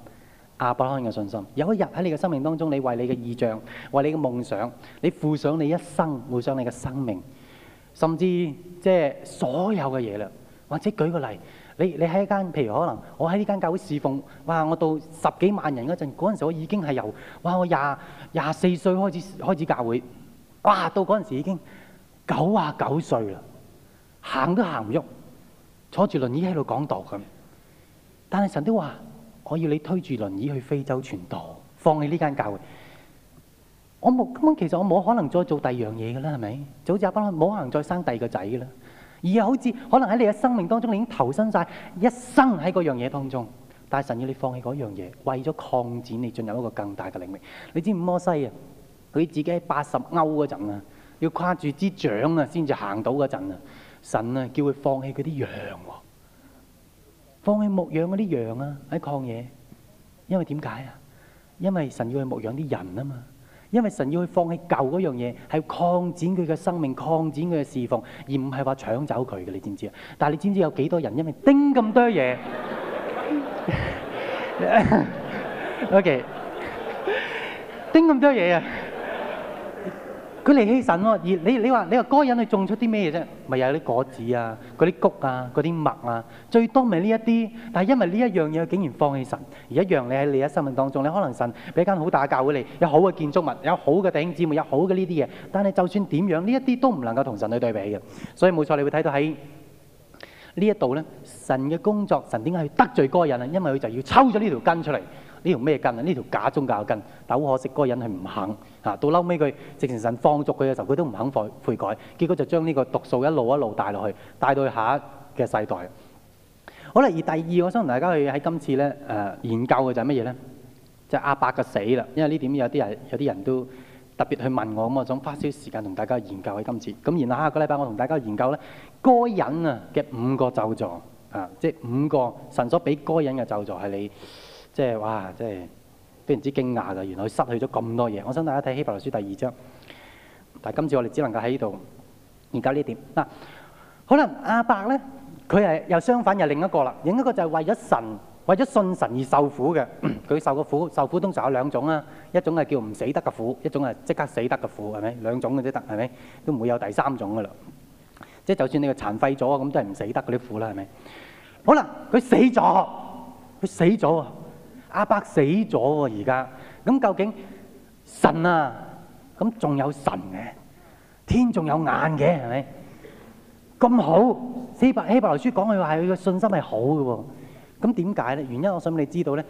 亞伯拉罕嘅信心。有一日喺你嘅生命當中，你為你嘅意象，為你嘅夢想，你付上你一生，付上你嘅生命，甚至即係所有嘅嘢啦。或者舉個例，你你喺一間，譬如可能我喺呢間教會侍奉，哇！我到十幾萬人嗰陣，嗰陣時我已經係由哇我廿廿四歲開始開始教會，哇！到嗰陣時已經九啊九歲啦，行都行唔喐，坐住輪椅喺度講道咁。但係神都話：我要你推住輪椅去非洲傳道，放棄呢間教會。我冇，根本其實我冇可能再做第二樣嘢㗎啦，係咪？就好似阿冇可能再生第二個仔㗎啦。而又好似可能喺你嘅生命當中，你已經投身晒一生喺嗰樣嘢當中，但係神要你放棄嗰樣嘢，為咗擴展你進入一個更大嘅領域。你知唔摩西啊，佢自己喺八十歐嗰陣啊，要跨住支掌啊，先至行到嗰陣啊，神啊叫佢放棄嗰啲羊，放棄牧養嗰啲羊啊喺曠野，因為點解啊？因為神要去牧養啲人啊嘛。因為神要去放棄舊嗰樣嘢，係要擴展佢嘅生命，擴展佢嘅侍奉，而唔係話搶走佢嘅，你知唔知啊？但係你知唔知有幾多人因為叮咁多嘢 *laughs* *laughs* ？OK，叮咁多嘢啊！佢離棄神咯，而你你話你話嗰個人去種出啲咩嘢啫？咪有啲果子啊，嗰啲穀啊，嗰啲麥啊，最多咪呢一啲？但係因為呢一樣嘢，佢竟然放棄神，而一樣你喺你一生命當中，你可能神俾間好大嘅教會俾你，有好嘅建築物，有好嘅弟兄姊妹，有好嘅呢啲嘢。但係就算點樣，呢一啲都唔能夠同神去對比嘅。所以冇錯，你會睇到喺呢一度咧，神嘅工作，神點解要得罪嗰個人啊？因為佢就要抽咗呢條根出嚟。呢條咩根啊？呢條假宗教嘅根，但係好可惜，嗰個人係唔肯啊！到嬲尾佢直情神放逐佢嘅時候，佢都唔肯悔悔改，結果就將呢個毒素一路一路帶落去，帶到去下一嘅世代。好啦，而第二我想同大家去喺今次咧誒、呃、研究嘅就係乜嘢咧？就係，亞伯嘅死啦，因為呢點有啲人有啲人都特別去問我咁啊，我想花少少時間同大家研究喺今次。咁然後下個禮拜，我同大家研究咧該隱啊嘅五個咒詛，啊、呃，即係五個神所俾該隱嘅咒詛係你。即係哇！即係非常之驚訝噶。原來佢失去咗咁多嘢。我想大家睇希伯來書第二章，但係今次我哋只能夠喺呢度研究呢點嗱。可能阿伯咧，佢係又相反，又另一個啦。另一個就係為咗神，為咗信神而受苦嘅。佢受個苦，受苦通常有兩種啦。一種係叫唔死得嘅苦，一種係即刻死得嘅苦，係咪兩種嘅啫？得係咪都唔會有第三種噶啦。即係就算你個殘廢咗，咁都係唔死得嗰啲苦啦，係咪？可能佢死咗，佢死咗喎。亞伯現在死咗喎、啊，而家咁究竟神啊？咁仲有神嘅，天仲有眼嘅，係咪？咁好希伯希伯來書講佢係佢嘅信心係好嘅喎、啊。咁點解咧？原因我想俾你知道咧。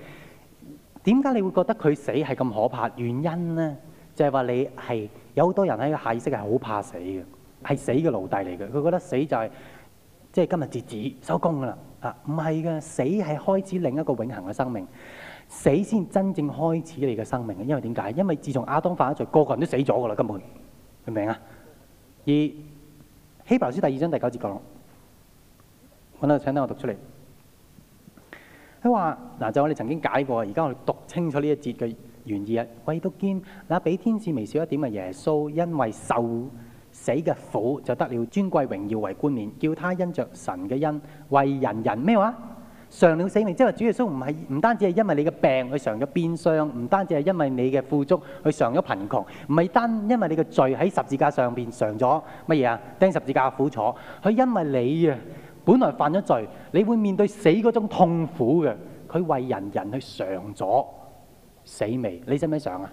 點解你會覺得佢死係咁可怕？原因咧就係、是、話你係有好多人喺個下意識係好怕死嘅，係死嘅奴隸嚟嘅。佢覺得死就係即係今日截止收工噶啦啊！唔係嘅，死係開始另一個永恆嘅生命。死先真正開始你嘅生命，因為點解？因為自從亞當犯咗罪，個個人都死咗噶啦，根本明唔明啊？而希伯來書第二章第九節講，揾到請等我讀出嚟。佢話：嗱，就我哋曾經解過，而家我哋讀清楚呢一節嘅原意啊。貴督堅，嗱，比天使微小一點嘅耶穌，因為受死嘅苦，就得了尊貴榮耀為冠冕，叫他因着神嘅恩為人人咩話？嘗了死味，即係話主耶穌唔係唔單止係因為你嘅病去嘗咗鞭傷，唔單止係因為你嘅富足去嘗咗貧窮，唔係單因為你嘅罪喺十字架上邊嘗咗乜嘢啊？釘十字架苦楚，佢因為你啊本來犯咗罪，你會面對死嗰種痛苦嘅，佢為人人去嘗咗死味？你使唔使嘗啊？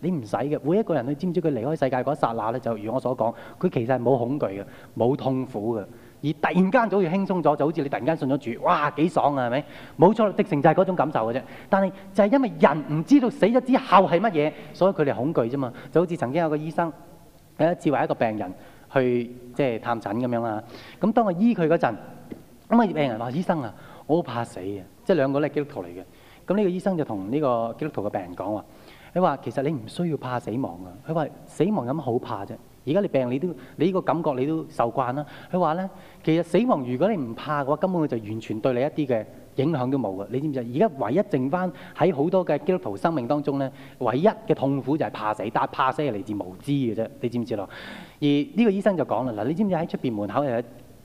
你唔使嘅，每一個人都知唔知佢離開世界嗰剎那咧，就如我所講，佢其實係冇恐懼嘅，冇痛苦嘅。而突然間就好似輕鬆咗，就好似你突然間信咗主，哇幾爽啊，係咪？冇錯，的確就係嗰種感受嘅啫。但係就係因為人唔知道死咗之後係乜嘢，所以佢哋恐懼啫嘛。就好似曾經有個醫生有一次為一個病人去即係、就是、探診咁樣啦。咁當我醫佢嗰陣，咁、那、啊、個、病人話：醫生啊，我好怕死嘅。即係兩個咧基督徒嚟嘅。咁呢個醫生就同呢個基督徒嘅病人講話：你話其實你唔需要怕死亡嘅。佢話死亡有乜好怕啫。而家你病你，你都你呢個感覺，你都受慣啦。佢話咧，其實死亡如果你唔怕嘅話，根本佢就完全對你一啲嘅影響都冇嘅。你知唔知啊？而家唯一剩翻喺好多嘅基督徒生命當中咧，唯一嘅痛苦就係怕死，但係怕死係嚟自無知嘅啫。你知唔知咯？而呢個醫生就講啦，嗱，你知唔知喺出邊門口係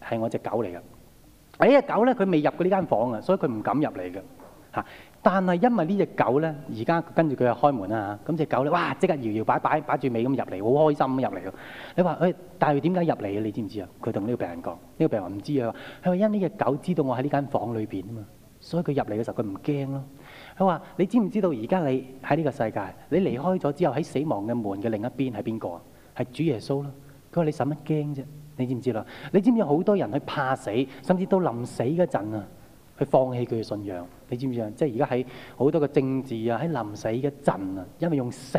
係我隻狗嚟㗎？這個、狗呢呀，狗咧佢未入過呢間房啊，所以佢唔敢入嚟嘅嚇。但係因為呢隻狗呢，而家跟住佢又開門啦咁、啊、隻狗呢，哇！即刻搖搖擺擺，擺住尾咁入嚟，好開心入嚟喎。你話誒，但係點解入嚟啊？你知唔知啊？佢同呢個病人講，呢、這個病人話唔知啊。佢話因為呢隻狗知道我喺呢間房裏邊啊嘛，所以佢入嚟嘅時候佢唔驚咯。佢話你知唔知道而家你喺呢個世界，你離開咗之後喺死亡嘅門嘅另一邊係邊個啊？係主耶穌咯。佢話你使乜驚啫？你知唔知啦？你知唔知好多人去怕死，甚至到臨死嗰陣啊？他放棄佢嘅信仰，你知唔知啊？即係而家喺好多個政治啊，喺臨死嘅陣啊，因為用死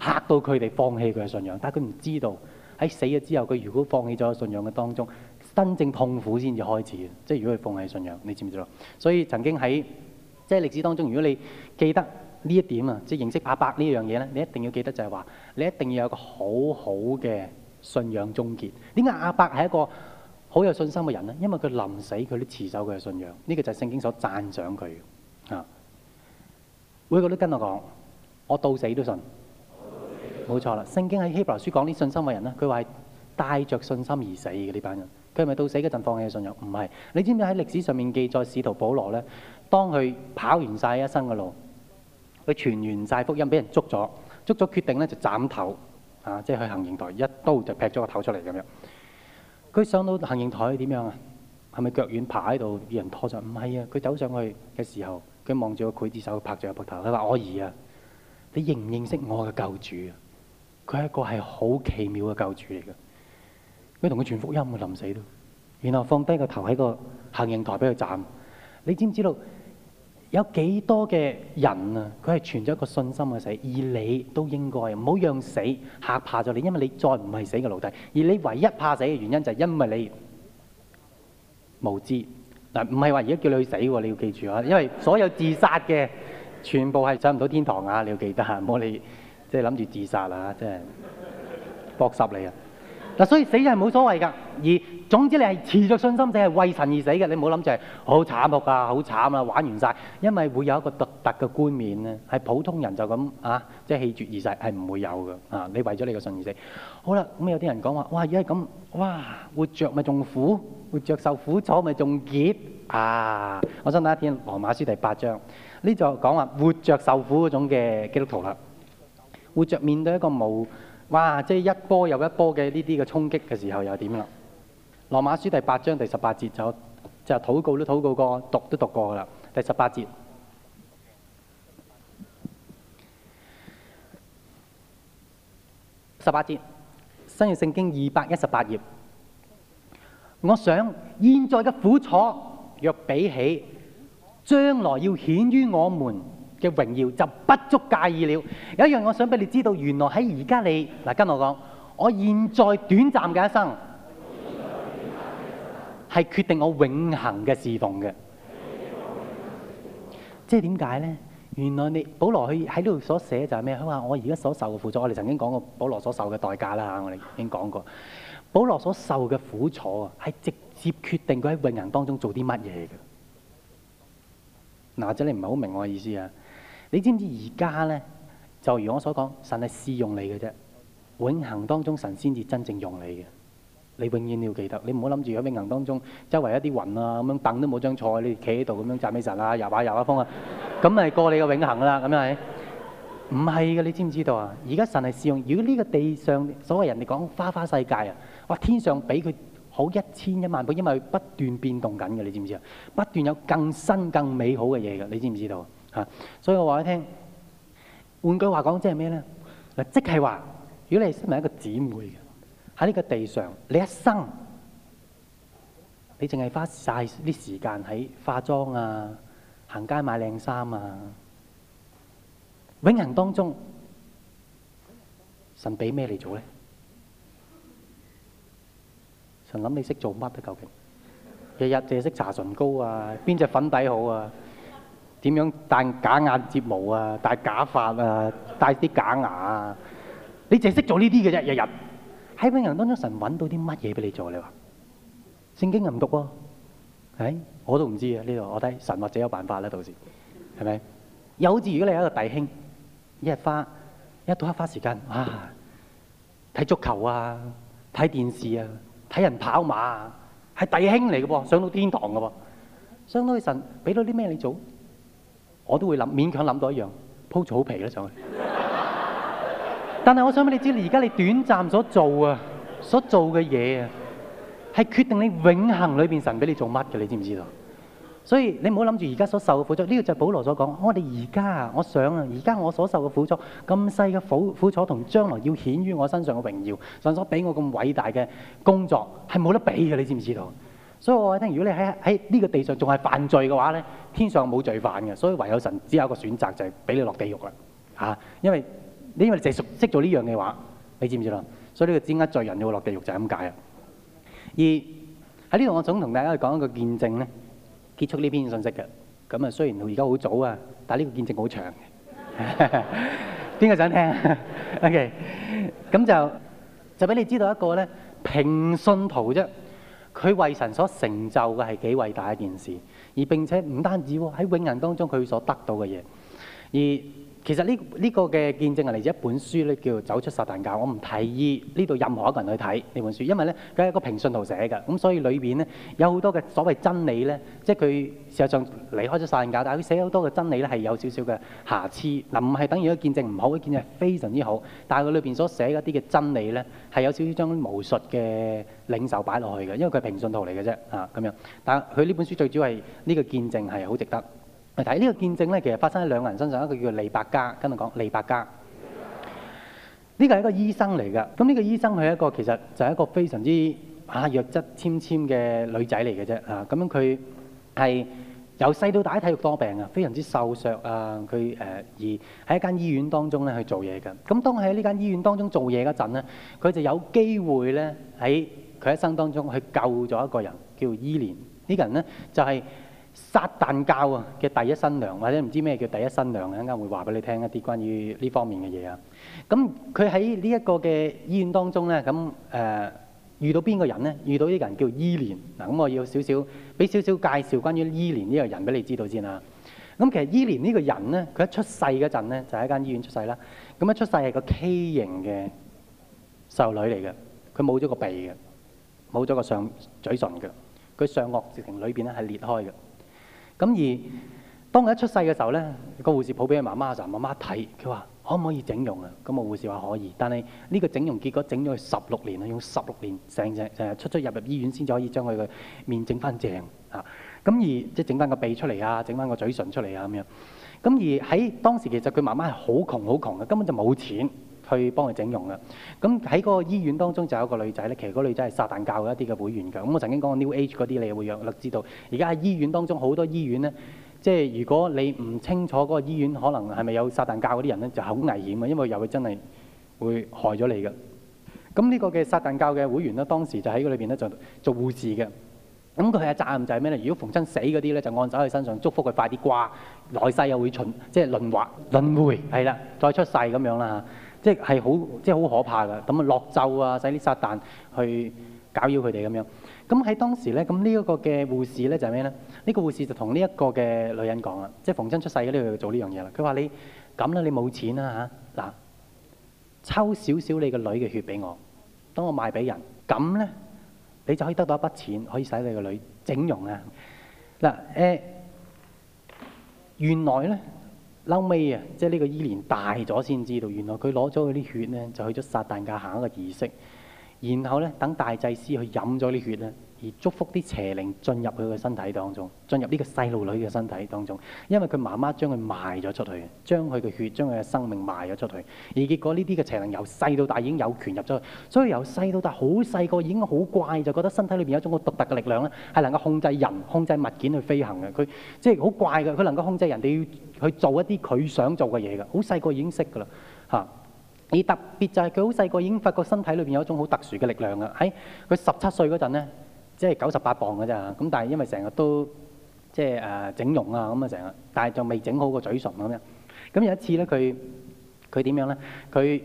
嚇到佢哋放棄佢嘅信仰。但係佢唔知道喺死咗之後，佢如果放棄咗信仰嘅當中，真正痛苦先至開始。即係如果佢放棄信仰，你知唔知道？所以曾經喺即係歷史當中，如果你記得呢一點啊，即係認識亞伯呢樣嘢咧，你一定要記得就係話，你一定要有個好好嘅信仰終結。點解亞伯係一個好有信心嘅人咧，因為佢臨死佢都持守佢嘅信仰，呢個就係聖經所讚賞佢嘅。啊，每個都跟我講，我到死都信，冇錯啦。聖經喺希伯來書講啲信心嘅人咧，佢話係帶着信心而死嘅呢班人。佢係咪到死嗰陣放棄嘅信仰？唔係。你知唔知喺歷史上面記載使徒保羅咧，當佢跑完晒一生嘅路，佢傳完晒福音，俾人捉咗，捉咗決定咧就斬頭啊，即係去行刑台一刀就劈咗個頭出嚟咁樣。佢上到行刑台點樣啊？係咪腳軟爬喺度俾人拖咗？唔係啊！佢走上去嘅時候，佢望住佢劊子手拍住個膊頭，佢話：我兒啊，你認唔認識我嘅救主啊？佢係一個係好奇妙嘅救主嚟嘅。佢同佢傳福音，臨死咯。然後放低個頭喺個行刑台俾佢斬。你知唔知道？有幾多嘅人啊？佢係存咗一個信心去死，而你都應該唔好讓死嚇怕咗你，因為你再唔係死嘅奴隸，而你唯一怕死嘅原因就係因為你無知嗱，唔係話而家叫你去死喎，你要記住啊，因為所有自殺嘅全部係上唔到天堂啊，你要記得，唔好你即係諗住自殺啊，真係搏殺你啊！嗱，所以死係冇所謂㗎，而總之你係持著信心死，係為神而死嘅，你唔好諗住係好慘酷㗎，好慘啦，玩完曬，因為會有一個獨特嘅冠冕咧，係普通人就咁啊，即係氣絕而逝係唔會有㗎啊！你為咗你個信而死，好啦，咁有啲人講話，哇，而家咁，哇，活着咪仲苦，活着受苦楚咪仲結啊！我想睇一睇羅馬書第八章，呢就講話活着受苦嗰種嘅基督徒啦，活着面對一個冇。哇！即係一波又一波嘅呢啲嘅衝擊嘅時候又點啦？羅馬書第八章第十八節，就就禱告都禱告過，讀都讀過啦。第十八節，十八節新約聖經二百一十八頁。我想現在嘅苦楚，若比起將來要顯於我們嘅榮耀就不足介意了。有一樣我想俾你知道，原來喺而家你嗱，跟我講，我現在短暫嘅一生係決定我永恆嘅侍奉嘅。的即係點解呢？原來你保羅佢喺呢度所寫就係咩？佢話我而家所受嘅苦楚，我哋曾經講過保羅所受嘅代價啦。我哋已經講過，保羅所受嘅苦楚啊，係直接決定佢喺永恆當中做啲乜嘢嘅。嗱，或者你唔係好明我嘅意思啊？你知唔知而家咧？就如我所講，神係試用你嘅啫。永恆當中，神先至真正用你嘅。你永遠要記得，你唔好諗住喺永恆當中，周圍一啲雲啊咁樣凳都冇張坐，你哋企喺度咁樣讚美神啊，遊下遊下風啊，咁係過你嘅永恆啦。咁係唔係嘅？你知唔知道啊？而家神係試用。如果呢個地上所謂人哋講花花世界啊，哇！天上比佢好一千一萬倍，因為不斷變動緊嘅，你知唔知啊？不斷有更新更美好嘅嘢㗎，你知唔知道？所以我話你聽，換句話講即係咩咧？嗱，即係話，如果你係身為一個姊妹嘅，喺呢個地上，你一生，你淨係花晒啲時間喺化妝啊、行街買靚衫啊，永恆當中，神俾咩嚟做咧？神諗你識做乜啊？究竟，日日淨係識搽唇膏啊，邊隻粉底好啊？點樣戴假眼睫毛啊？戴假髮啊？戴啲假牙啊？你淨係識做呢啲嘅啫，日日喺普通人 *noise* *noise* man，當中，神揾到啲乜嘢俾你做？你話聖經又唔讀喎、哦，我都唔知啊，呢個我睇神或者有辦法啦，到時係咪？又好似如果你係一個弟兄，一日花一到黑花時間啊，睇足球啊，睇電視啊，睇人跑馬啊，係弟兄嚟嘅噃，上到天堂嘅噃，相當於神俾到啲咩你做？我都會諗，勉強諗到一樣，鋪草皮咧，上去，但係我想俾你知，而家你短暫所做啊，所做嘅嘢啊，係決定你永恆裏邊神俾你做乜嘅，你知唔知道？所以你唔好諗住而家所受嘅苦楚，呢個就係保羅所講。我哋而家啊，我想啊，而家我所受嘅苦楚咁細嘅苦苦楚，同將來要顯於我身上嘅榮耀，神所俾我咁偉大嘅工作係冇得比嘅，你知唔知道？所以我話聽，如果你喺喺呢個地上仲係犯罪嘅話咧，天上冇罪犯嘅，所以唯有神只有一個選擇就係、是、俾你落地獄啦嚇、啊，因為你因為淨係熟悉做呢樣嘅話，你知唔知啦？所以呢個尖啱罪人要落地獄就係咁解啦。而喺呢度我想同大家去講一個見證咧，結束呢篇信息嘅。咁啊雖然而家好早啊，但係呢個見證好長嘅。邊個 *laughs* *laughs* 想聽 *laughs* ？OK，咁就就俾你知道一個咧，平信徒啫。佢為神所成就嘅係幾偉大一件事，而並且唔單止喺永人當中佢所得到嘅嘢，而。其實呢、這、呢個嘅、這個、見證係嚟自一本書咧，叫《走出撒旦教》。我唔提議呢度任何一個人去睇呢本書，因為咧佢係一個平信徒寫嘅，咁所以裏邊咧有好多嘅所謂真理咧，即係佢事實上離開咗撒旦教，但係佢寫好多嘅真理咧係有少少嘅瑕疵。嗱，唔係等於一個見證唔好，個見證係非常之好，但係佢裏邊所寫一啲嘅真理咧係有少少將巫術嘅領袖擺落去嘅，因為佢係平信徒嚟嘅啫啊咁樣。但係佢呢本書最主要係呢個見證係好值得。睇呢個見證咧，其實發生喺兩個人身上，一個叫李百嘉，今日講李百嘉，呢個係一個醫生嚟嘅，咁呢個醫生係一個其實就係一個非常之啊弱質纖纖嘅女仔嚟嘅啫啊！咁樣佢係由細到大體育多病啊，非常之瘦削啊。佢誒、啊、而喺一間醫院當中咧去做嘢嘅。咁當佢喺呢間醫院當中做嘢嗰陣咧，佢就有機會咧喺佢一生當中去救咗一個人，叫伊蓮。呢、這個人咧就係、是。撒旦教啊嘅第一新娘，或者唔知咩叫第一新娘啊，會告你一陣間會話俾你聽一啲關於呢方面嘅嘢啊。咁佢喺呢一個嘅醫院當中咧，咁誒遇到邊個人咧？遇到呢個人叫伊蓮嗱。咁我要少少俾少少介紹關於伊蓮呢個人俾你知道先啦。咁其實伊蓮呢個人咧，佢一出世嗰陣咧，就係間醫院出世啦。咁一出世係個畸形嘅少女嚟嘅，佢冇咗個鼻嘅，冇咗個上嘴唇嘅，佢上顎直情裏邊咧係裂開嘅。咁而當佢一出世嘅時候咧，個護士抱俾佢媽媽就媽媽睇，佢話可唔可以整容啊？咁個護士話可以，但係呢個整容結果整咗佢十六年啊，用十六年成日成日出出入入醫院先至可以將佢個面整翻正啊！咁而即係整翻個鼻出嚟啊，整翻個嘴唇出嚟啊咁樣。咁而喺當時其實佢媽媽係好窮好窮嘅，根本就冇錢。去幫佢整容啦。咁喺嗰個醫院當中就有一個女仔咧，其實嗰女仔係撒旦教一啲嘅會員㗎。咁我曾經講過 New Age 嗰啲，你會約略知道。而家喺醫院當中好多醫院咧，即係如果你唔清楚嗰個醫院可能係咪有撒旦教嗰啲人咧，就好危險嘅，因為又會真係會害咗你嘅。咁呢個嘅撒旦教嘅會員咧，當時就喺嗰裏邊咧做做護士嘅。咁佢嘅責任就係咩咧？如果逢親死嗰啲咧，就按喺佢身上祝福佢快啲掛來世又會蠢，即係輪滑輪迴。係啦，再出世咁樣啦即係好，即係好可怕噶。咁啊，落咒啊，使啲撒旦去搞擾佢哋咁樣。咁喺當時咧，咁呢一個嘅護士咧就係咩咧？呢、這個護士就同呢一個嘅女人講啦，即係逢親出世嘅都要做呢樣嘢啦。佢話你咁啦，你冇錢啦吓嗱，抽少少你個女嘅血俾我，等我賣俾人，咁咧你就可以得到一筆錢，可以使你個女整容啊。嗱、欸、誒，原來咧。後尾啊，即係呢個伊蓮大咗先知道，原來佢攞咗佢啲血呢，就去咗撒旦家行一個儀式，然後呢，等大祭司去飲咗啲血咧。而祝福啲邪靈進入佢嘅身體當中，進入呢個細路女嘅身體當中，因為佢媽媽將佢賣咗出去，將佢嘅血、將佢嘅生命賣咗出去，而結果呢啲嘅邪靈由細到大已經有權入咗去，所以由細到大好細個已經好怪，就覺得身體裏邊有一種好獨特嘅力量咧，係能夠控制人、控制物件去飛行嘅。佢即係好怪嘅，佢能夠控制人哋要去做一啲佢想做嘅嘢㗎。好細個已經識㗎啦嚇。而特別就係佢好細個已經發覺身體裏邊有一種好特殊嘅力量啦。喺佢十七歲嗰陣咧。即係九十八磅嘅咋，咁但係因為成日都即係誒整容啊，咁啊成日，但係就未整好個嘴唇咁樣。咁有一次咧，佢佢點樣咧？佢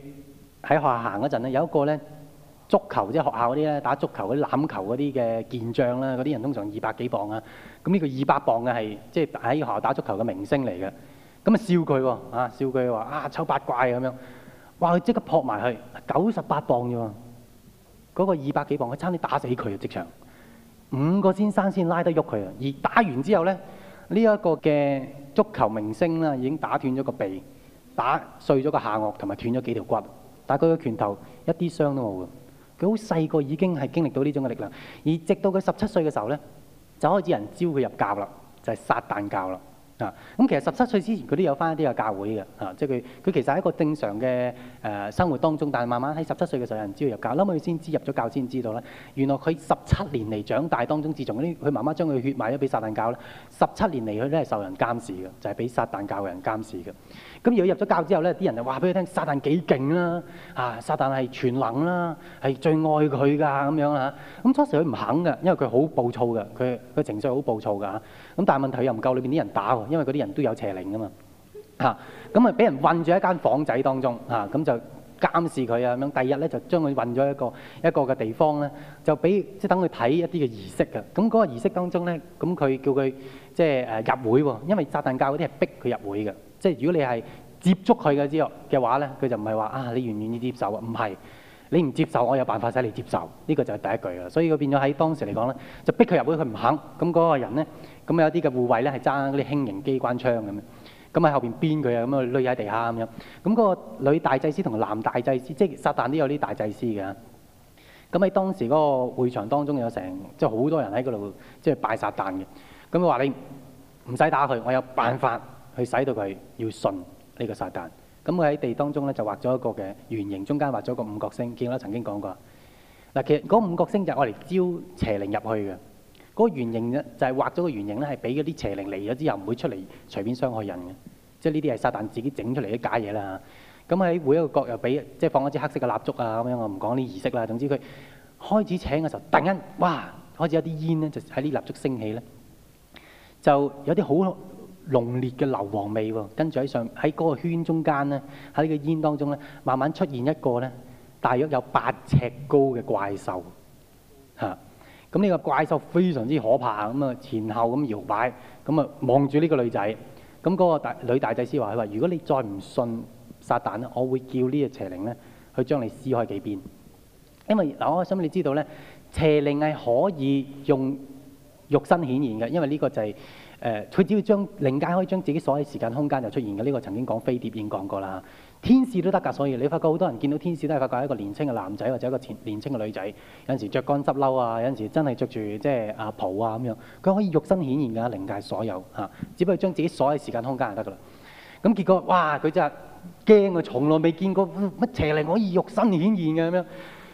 喺學校行嗰陣咧，有一個咧足球即係、就是、學校嗰啲咧打足球嗰啲欖球嗰啲嘅健將啦，嗰啲人通常二百幾磅啊。咁呢個二百磅嘅係即係喺學校打足球嘅明星嚟嘅。咁啊笑佢喎、哦，啊笑佢話啊醜八怪咁、啊、樣，哇！佢即刻撲埋去九十八磅啫，嗰、那個二百幾磅，佢差啲打死佢啊！即場。五個先生先拉得喐佢啊！而打完之後呢，呢、這、一個嘅足球明星啦，已經打斷咗個鼻，打碎咗個下顎，同埋斷咗幾條骨。但係佢嘅拳頭一啲傷都冇嘅，佢好細個已經係經歷到呢種嘅力量。而直到佢十七歲嘅時候呢，就開始人招佢入教啦，就係、是、撒旦教啦啊！咁其實十七歲之前佢都有返一啲嘅教會嘅啊，即係佢佢其實係一個正常嘅。誒生活當中，但係慢慢喺十七歲嘅時候，有人知道入教，諗佢先知入咗教先知道咧。原來佢十七年嚟長大當中，自從啲佢媽媽將佢血賣咗俾撒旦教咧，十七年嚟佢咧係受人監視嘅，就係、是、俾撒旦教嘅人監視嘅。咁如果入咗教之後咧，啲人就話俾佢聽撒旦幾勁啦，啊撒旦係全能啦，係最愛佢㗎咁樣啦。咁初時佢唔肯嘅，因為佢好暴躁嘅，佢佢情緒好暴躁㗎嚇。咁但係問題佢又唔夠裏邊啲人打喎，因為嗰啲人都有邪靈㗎嘛。嚇，咁啊俾人困住一間房仔當中，嚇咁就監視佢啊咁樣。第二日咧就將佢困咗一個一個嘅地方咧，就俾即係等佢睇一啲嘅儀式嘅。咁嗰個儀式當中咧，咁佢叫佢即係誒入會喎，因為撒旦教嗰啲係逼佢入會嘅。即係如果你係接觸佢嘅之後嘅話咧，佢就唔係話啊你願唔願意接受啊？唔係，你唔接受，接受我有辦法使你來接受。呢、這個就係第一句啦。所以佢變咗喺當時嚟講咧，就逼佢入會，佢唔肯。咁嗰個人咧，咁有啲嘅護衛咧係揸嗰啲輕型機關槍咁樣。咁喺後邊鞭佢啊，咁啊攞喺地下咁樣。咁、那、嗰個女大祭司同男大祭司，即係撒旦都有啲大祭司嘅。咁喺當時嗰個會場當中，有成即係好多人喺嗰度即係拜撒旦嘅。咁佢話你唔使打佢，我有辦法去使到佢要信呢個撒旦。咁佢喺地當中咧就畫咗一個嘅圓形，中間畫咗個五角星。見我曾經講過。嗱，其實嗰五角星就係我嚟招邪靈入去嘅。嗰個圓形咧，就係畫咗個圓形咧，係俾嗰啲邪靈嚟咗之後唔會出嚟隨便傷害人嘅，即係呢啲係撒旦自己整出嚟啲假嘢啦。咁喺每一個角又俾即係放一支黑色嘅蠟燭啊，咁樣我唔講啲儀式啦。總之佢開始請嘅時候，突然間哇，開始有啲煙咧就喺啲蠟燭升起咧，就有啲好濃烈嘅硫磺味喎。跟住喺上喺嗰個圈中間咧，喺呢個煙當中咧，慢慢出現一個咧，大約有八尺高嘅怪獸。咁呢個怪獸非常之可怕咁啊，前後咁搖擺，咁啊望住呢個女仔。咁、那、嗰個大女大祭司話：佢話如果你再唔信撒旦咧，我會叫呢個邪靈咧去將你撕開幾邊。因為嗱，我想你知道咧，邪靈係可以用肉身顯現嘅，因為呢個就係、是、誒，佢、呃、只要將靈界可以將自己所有時間空間就出現嘅。呢、這個曾經講飛碟已經講過啦。天使都得㗎，所以你發覺好多人見到天使都係發覺一個年青嘅男仔或者一個年青嘅女仔，有陣時着乾濕褸啊，有陣時真係着住即係阿袍啊咁樣，佢可以肉身顯現㗎，靈界所有嚇，只不過將自己所有時間空間就得㗎啦。咁結果哇，佢真係驚啊，從來未見過乜邪靈可以肉身顯現嘅咁樣，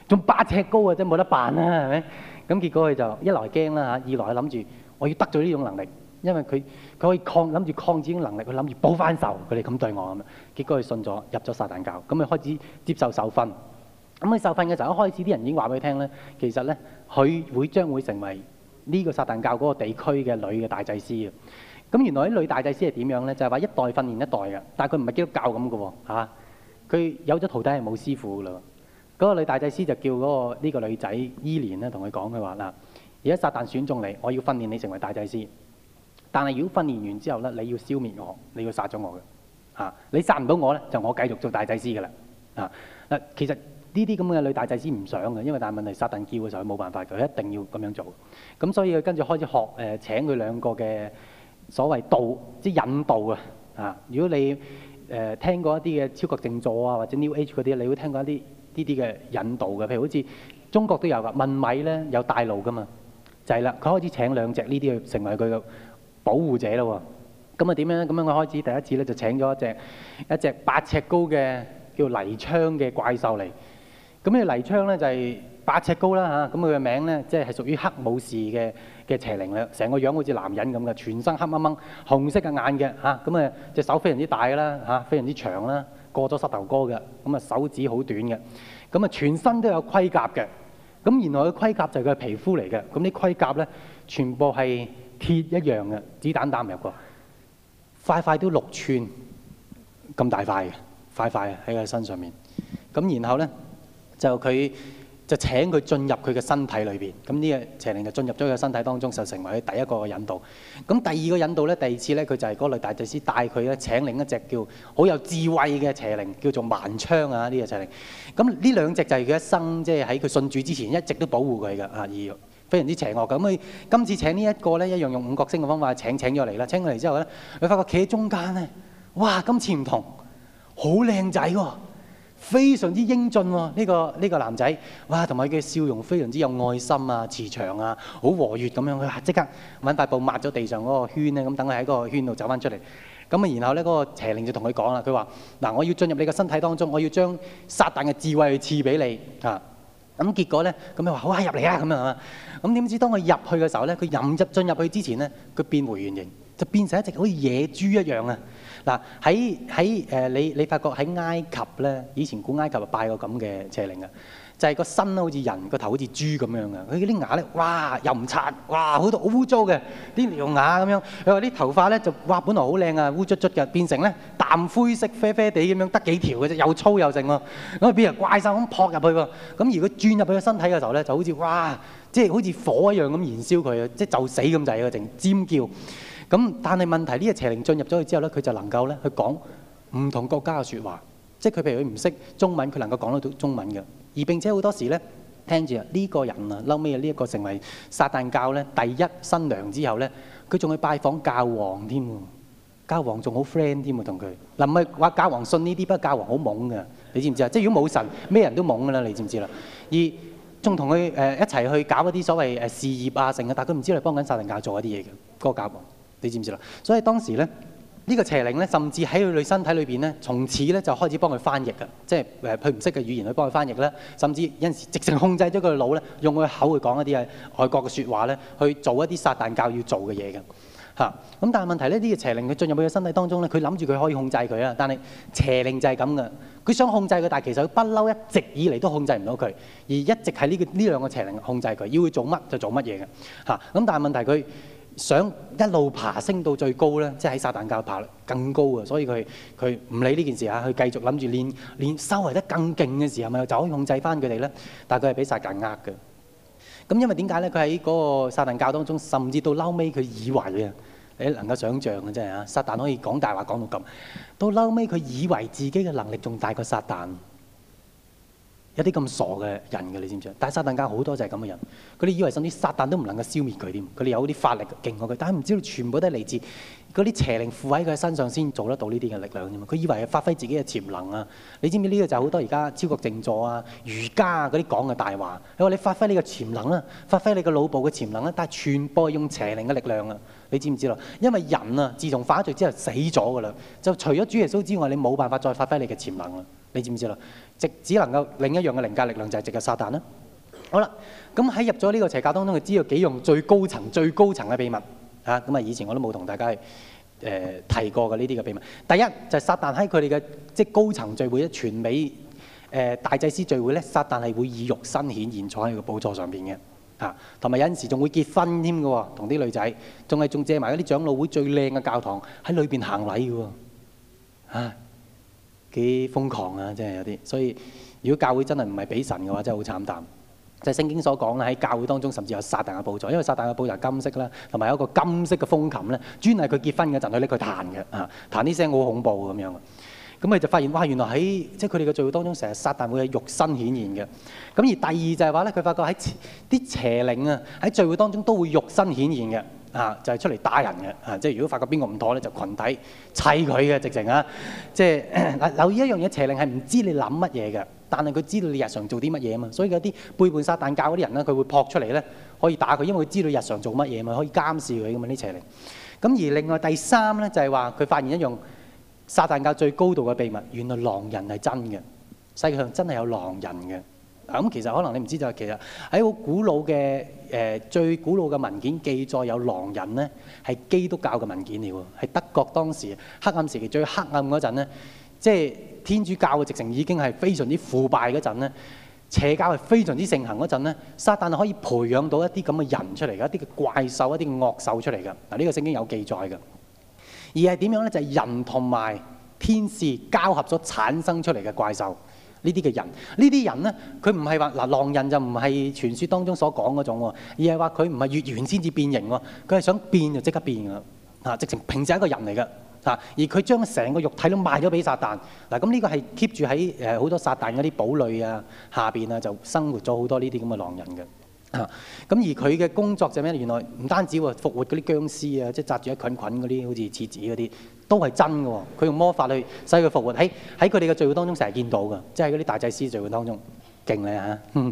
仲八尺高啊，真係冇得辦啊，係咪？咁結果佢就一來驚啦嚇，二來佢諗住我要得咗呢種能力，因為佢佢可以抗諗住抗自己能力，佢諗住補翻仇，佢哋咁對我咁。結果佢信咗，入咗撒旦教，咁佢開始接受受訓。咁佢受訓嘅時候，一開始啲人已經話俾佢聽咧，其實咧佢會將會成為呢個撒旦教嗰個地區嘅女嘅大祭司嘅。咁原來啲女大祭司係點樣咧？就係、是、話一代訓練一代嘅，但係佢唔係基督教咁嘅喎，佢、啊、有咗徒弟係冇師傅嘅咯。嗰、那個女大祭司就叫嗰、那個呢、這個女仔伊蓮咧，同佢講佢話嗱，而家撒旦選中你，我要訓練你成為大祭司，但係如果訓練完之後咧，你要消滅我，你要殺咗我嘅。啊！你殺唔到我咧，就我繼續做大祭司嘅啦。啊嗱，其實呢啲咁嘅女大祭司唔想嘅，因為但係問題殺人叫嘅時候冇辦法，佢一定要咁樣做。咁所以佢跟住開始學誒、呃、請佢兩個嘅所謂道，即係引導啊。啊，如果你誒、呃、聽過一啲嘅超級星座啊，或者 New Age 嗰啲，你會聽過一啲呢啲嘅引導嘅，譬如好似中國都有噶，問米咧有帶路噶嘛，就係、是、啦。佢開始請兩隻呢啲去成為佢嘅保護者啦喎、啊。咁啊點樣？咁樣我開始第一次咧，就請咗一隻一隻八尺高嘅叫泥槍嘅怪獸嚟。咁呢泥槍咧就係八尺高啦嚇。咁佢嘅名咧即係係屬於黑武士嘅嘅邪靈啦。成個樣好似男人咁嘅，全身黑掹掹，紅色嘅眼嘅嚇。咁啊隻手非常之大啦嚇、啊，非常之長啦，過咗膝頭哥嘅。咁啊手指好短嘅。咁啊全身都有盔甲嘅。咁原來嘅盔甲就係佢嘅皮膚嚟嘅。咁啲盔甲咧全部係鐵一樣嘅，子彈打唔入過。塊塊都六寸咁大塊嘅，塊塊喺佢身上面。咁然後呢，就佢就請佢進入佢嘅身體裏邊。咁呢隻邪靈就進入咗佢嘅身體當中，就成為佢第一個嘅引導。咁第二個引導呢，第二次呢，佢就係嗰類大祭司帶佢呢請另一隻叫好有智慧嘅邪靈，叫做萬槍啊呢隻、這個、邪靈。咁呢兩隻就係佢一生即係喺佢信主之前一直都保護佢嘅。啊非常之邪惡咁，佢今次請這呢一個咧，一樣用五角星嘅方法請請咗嚟啦。請咗嚟之後咧，佢發覺企喺中間咧，哇！今次唔同，好靚仔喎，非常之英俊喎、哦。呢、這個呢、這個男仔，哇！同埋佢嘅笑容非常之有愛心啊、慈祥啊，好和悅咁樣。佢即刻揾塊布抹咗地上嗰個圈咧，咁等佢喺嗰個圈度走翻出嚟。咁啊，然後咧嗰、那個邪靈就同佢講啦，佢話：嗱，我要進入你嘅身體當中，我要將撒旦嘅智慧去賜俾你啊！咁結果咧，咁你話好啊，入嚟啊，咁樣啊，咁點知當佢入去嘅時候咧，佢入入進入去之前咧，佢變回原形，就變成一隻好似野豬一樣啊！嗱，喺喺誒，你你發覺喺埃及咧，以前古埃及就拜過咁嘅邪靈嘅。就係個身咧，好似人個頭，好似豬咁樣嘅。佢啲牙咧，哇又唔刷，哇好多污糟嘅啲獠牙咁樣。佢話啲頭髮咧就哇本來好靚啊，烏卒卒嘅變成咧淡灰色啡啡地咁樣，得幾條嘅啫，又粗又剩喎。咁變成怪獸咁撲入去喎。咁而佢轉入去個身體嘅時候咧，就好似哇即係好似火一樣咁燃燒佢，即係就死咁滯嘅，成尖叫。咁但係問題呢個邪靈進入咗去之後咧，佢就能夠咧去講唔同國家嘅説話，即係佢譬如佢唔識中文，佢能夠講得到中文嘅。而並且好多時咧，聽住啊呢個人啊，嬲尾啊呢一個成為撒旦教咧第一新娘之後咧，佢仲去拜訪教王添喎，教王仲好 friend 添喎同佢，嗱唔係話教王信呢啲，不過教王好懵㗎，你知唔知啊？即係如果冇神，咩人都懵㗎啦，你知唔知啦？而仲同佢誒一齊去搞一啲所謂誒事業啊，成啊，但係佢唔知你幫緊撒旦教做一啲嘢嘅嗰個教王，你知唔知啦？所以當時咧。呢個邪靈咧，甚至喺佢女身體裏邊咧，從此咧就開始幫佢翻譯噶，即係誒佢唔識嘅語言去幫佢翻譯啦，甚至有陣時直情控制咗佢個腦咧，用佢口去講一啲係外國嘅説話咧，去做一啲撒旦教要做嘅嘢嘅嚇。咁、啊、但係問題呢，呢個邪靈佢進入佢嘅身體當中咧，佢諗住佢可以控制佢啊，但係邪靈就係咁嘅，佢想控制佢，但係其實佢不嬲一直以嚟都控制唔到佢，而一直係呢個呢兩個邪靈控制佢，要佢做乜就做乜嘢嘅嚇。咁、啊、但係問題佢。想一路爬升到最高咧，即係喺撒旦教爬更高啊。所以佢佢唔理呢件事嚇，佢繼續諗住練，練修為得更勁嘅時候咪就可以控制翻佢哋咧。但係佢係俾撒旦呃嘅。咁因為點解咧？佢喺嗰個撒旦教當中，甚至到嬲尾佢以為，你能夠想像嘅真係啊，撒旦可以講大話講到咁。到嬲尾佢以為自己嘅能力仲大過撒旦。有啲咁傻嘅人嘅，你知唔知啊？但係撒旦家好多就係咁嘅人，佢哋以為甚至撒旦都唔能夠消滅佢添。佢哋有啲法力勁過佢，但係唔知道全部都係嚟自嗰啲邪靈附喺佢身上先做得到呢啲嘅力量啫嘛。佢以為發揮自己嘅潛能啊！你知唔知呢個就係好多而家超覺靜坐啊、瑜伽嗰啲講嘅大話？佢話你發揮你嘅潛能啊？發揮你嘅腦部嘅潛能啊？但係全部係用邪靈嘅力量啊！你知唔知咯？因為人啊，自從犯罪之後死咗噶啦，就除咗主耶穌之外，你冇辦法再發揮你嘅潛能啊。你知唔知咯？直只能夠另一樣嘅凌駕力量就係、是、直嘅撒旦啦。好啦，咁喺入咗呢個邪教當中，佢知道幾樣最高層、最高層嘅秘密啊。咁啊，以前我都冇同大家去、呃、提過嘅呢啲嘅秘密。第一就係、是、撒旦喺佢哋嘅即係高層聚會咧，全美誒、呃、大祭司聚會咧，撒旦係會以肉身顯現坐喺個寶座上邊嘅啊。同埋有陣時仲會結婚添㗎喎，同啲女仔仲係仲借埋嗰啲長老會最靚嘅教堂喺裏邊行禮㗎喎啊。幾瘋狂啊！真係有啲，所以如果教會真係唔係俾神嘅話，真係好慘淡。即係聖經所講啦，喺教會當中甚至有撒旦嘅寶座，因為撒旦嘅寶座金色啦，同埋有一個金色嘅風琴咧，專係佢結婚嘅陣去拎佢彈嘅嚇，彈啲聲好恐怖咁樣，咁佢、嗯、就發現哇，原來喺即係佢哋嘅聚會當中，成日撒旦會係肉身顯現嘅。咁而第二就係話咧，佢發覺喺啲邪靈啊喺聚會當中都會肉身顯現嘅。啊，就係出嚟打人嘅，啊，即係如果發覺邊個唔妥咧，就群體砌佢嘅直情啊！即係留意一樣嘢，邪靈係唔知你諗乜嘢嘅，但係佢知道你日常做啲乜嘢啊嘛，所以有啲背叛撒旦教嗰啲人咧，佢會撲出嚟咧，可以打佢，因為佢知道日常做乜嘢嘛，可以監視佢嘅嘛啲邪靈。咁而另外第三咧，就係話佢發現一樣撒旦教最高度嘅秘密，原來狼人係真嘅，世界上真係有狼人嘅。咁其實可能你唔知就係其實喺個古老嘅誒、呃、最古老嘅文件記載有狼人咧，係基督教嘅文件嚟喎，係德國當時黑暗時期最黑暗嗰陣咧，即、就、係、是、天主教嘅直情已經係非常之腐敗嗰陣咧，邪教係非常之盛行嗰陣咧，撒旦係可以培養到一啲咁嘅人出嚟嘅，一啲嘅怪獸、一啲惡獸出嚟嘅，嗱、這、呢個聖經有記載嘅。而係點樣咧？就係、是、人同埋天使交合咗產生出嚟嘅怪獸。呢啲嘅人，這些人呢啲人咧，佢唔係話嗱狼人就唔係傳説當中所講嗰種喎，而係話佢唔係月圓先至變形喎，佢係想變就即刻變㗎啦，嚇、啊！直情平時係一個人嚟㗎，嚇、啊！而佢將成個肉體都賣咗俾撒旦，嗱，咁呢個係 keep 住喺誒好多撒旦嗰啲堡壘啊下邊啊，就生活咗好多呢啲咁嘅狼人嘅嚇。咁、啊、而佢嘅工作就咩？原來唔單止復活嗰啲僵屍啊，即係揸住一捆捆嗰啲好似廁紙嗰啲。都係真㗎喎，佢用魔法去使佢復活，喺喺佢哋嘅聚會當中成日見到㗎，即係嗰啲大祭司聚會當中，勁咧，嗯，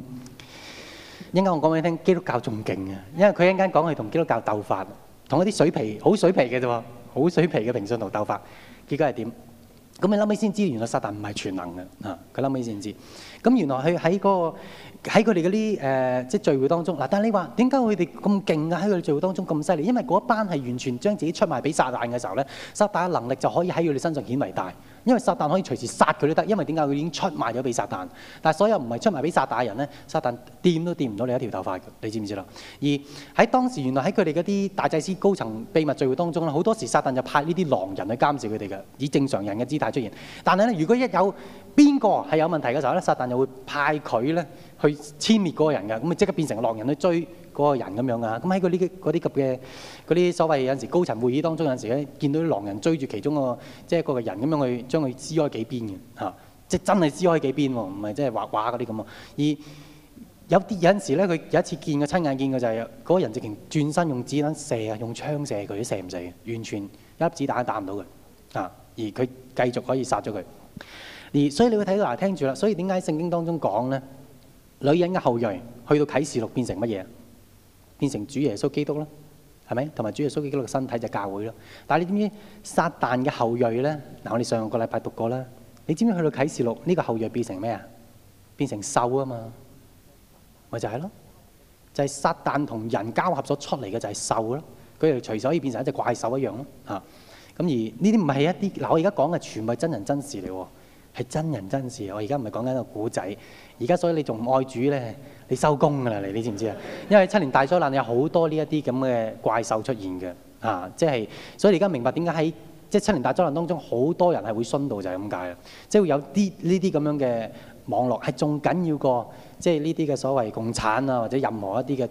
一 *laughs* 間我講俾你聽，基督教仲勁啊，因為佢一間講佢同基督教鬥法，同一啲水皮，好水皮嘅啫喎，好水皮嘅平信徒鬥法，結果係點？咁你諗起先知道，原來撒旦唔係全能嘅啊！佢諗起先知，咁原來佢喺嗰個。喺佢哋嗰啲誒，即係聚會當中嗱。但係你話點解佢哋咁勁啊？喺佢哋聚會當中咁犀利，因為嗰一班係完全將自己出賣俾撒旦嘅時候咧，撒旦嘅能力就可以喺佢哋身上顯為大。因為撒旦可以隨時殺佢都得，因為點解佢已經出賣咗俾撒旦？但係所有唔係出賣俾撒旦嘅人咧，撒旦掂都掂唔到你一條頭髮嘅，你知唔知啦？而喺當時原來喺佢哋嗰啲大祭司高層秘密聚會當中咧，好多時撒旦就派呢啲狼人去監視佢哋嘅，以正常人嘅姿態出現。但係咧，如果一有邊個係有問題嘅時候咧，撒旦就會派佢咧。去殲滅嗰個人㗎，咁咪即刻變成狼人去追嗰個人咁樣㗎。咁喺佢呢啲咁嘅嗰啲所謂有陣時高層會議當中，有陣時咧見到啲狼人追住其中個即係嗰個人咁樣去將佢撕開幾邊嘅嚇，即、啊、係、就是、真係撕開幾邊喎，唔係即係畫畫嗰啲咁啊。而有啲有陣時咧，佢有一次見嘅親眼見嘅就係、是、嗰、那個人直情轉身用子彈射啊，用槍射佢都射唔死嘅，完全一粒子彈打唔到佢，啊。而佢繼續可以殺咗佢。而所以你會睇到嗱，聽住啦，所以點解聖經當中講咧？女人嘅後裔去到啟示錄變成乜嘢？變成主耶穌基督啦，係咪？同埋主耶穌基督嘅身體就教會啦。但係你知唔知撒旦嘅後裔咧？嗱，我哋上個禮拜讀過啦。你知唔知去到啟示錄呢個後裔變成咩啊？變成獸啊嘛，咪就係咯，就係撒旦同人交合所出嚟嘅就係獸咯。佢哋隨手可以變成一隻怪獸一樣咯嚇。咁而呢啲唔係一啲嗱，我而家講嘅全部係真人真事嚟喎，係真人真事。我而家唔係講緊一個古仔。而家所以你仲唔愛主咧？你收工噶啦！你你知唔知啊？因為七年大災難有好多呢一啲咁嘅怪獸出現嘅啊，即係所以你而家明白點解喺即係七年大災難當中好多人係會殉道就係咁解啦。即係會有啲呢啲咁樣嘅網絡係仲緊要過即係呢啲嘅所謂共產啊，或者任何一啲嘅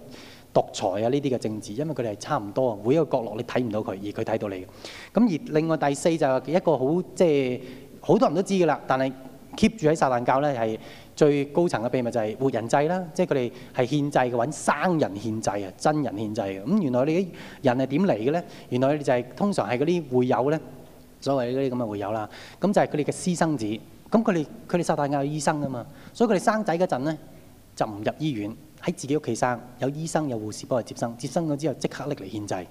獨裁啊呢啲嘅政治，因為佢哋係差唔多啊。每一個角落你睇唔到佢，而佢睇到你。咁而另外第四就係一個好即係好多人都知噶啦，但係 keep 住喺撒旦教咧係。最高層嘅秘密就係活人祭啦，即係佢哋係獻祭嘅，揾生人獻祭啊，真人獻祭啊。咁原來你啲人係點嚟嘅咧？原來你就係、是、通常係嗰啲會友咧，所謂嗰啲咁嘅會友啦。咁就係佢哋嘅私生子。咁佢哋佢哋塞大嗌醫生啊嘛，所以佢哋生仔嗰陣咧就唔入醫院，喺自己屋企生，有醫生，有，醫生有護士幫佢接生，接生咗之後即刻拎嚟獻祭。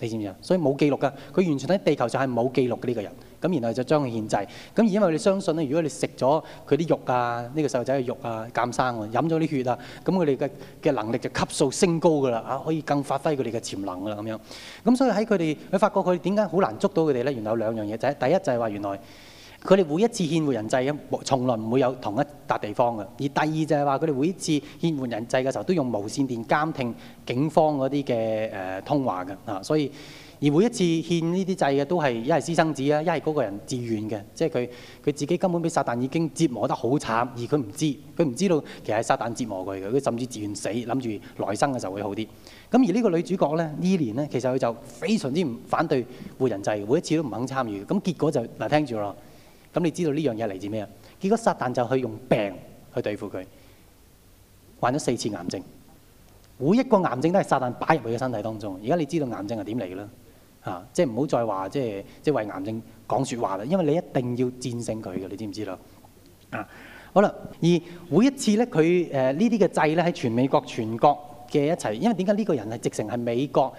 你知唔知啊？所以冇記錄噶，佢完全喺地球上係冇記錄嘅呢個人。咁然後就將佢獻祭。咁而因為你相信咧，如果你食咗佢啲肉啊，呢個細路仔嘅肉啊，鑑生喎、啊，飲咗啲血啊，咁佢哋嘅嘅能力就級數升高噶啦，啊，可以更發揮佢哋嘅潛能噶啦咁樣。咁所以喺佢哋，佢發覺佢點解好難捉到佢哋咧？原來有兩樣嘢就係第一就係話原來。佢哋每一次獻活人祭嘅，從來唔會有同一笪地方嘅。而第二就係話，佢哋每一次獻活人祭嘅時候，都用無線電監聽警方嗰啲嘅誒通話嘅啊。所以而每一次獻呢啲祭嘅，都係一係私生子啊，一係嗰個人自願嘅，即係佢佢自己根本俾撒旦已經折磨得好慘，而佢唔知佢唔知道其實係撒旦折磨佢嘅，佢甚至自願死，諗住來生嘅時候會好啲。咁而呢個女主角咧，這年呢年咧，其實佢就非常之唔反對活人祭，每一次都唔肯參與。咁結果就嗱，聽住啦。咁你知道呢樣嘢嚟自咩啊？結果撒旦就去用病去對付佢，患咗四次癌症。每一個癌症都係撒旦擺入佢嘅身體當中。而家你知道癌症係點嚟嘅啦？啊，即係唔好再話即係即係為癌症講説話啦，因為你一定要戰勝佢嘅，你知唔知道？啊，好啦，而每一次咧，佢誒、呃、呢啲嘅掣咧，喺全美國全國嘅一齊。因為點解呢個人係直情係美國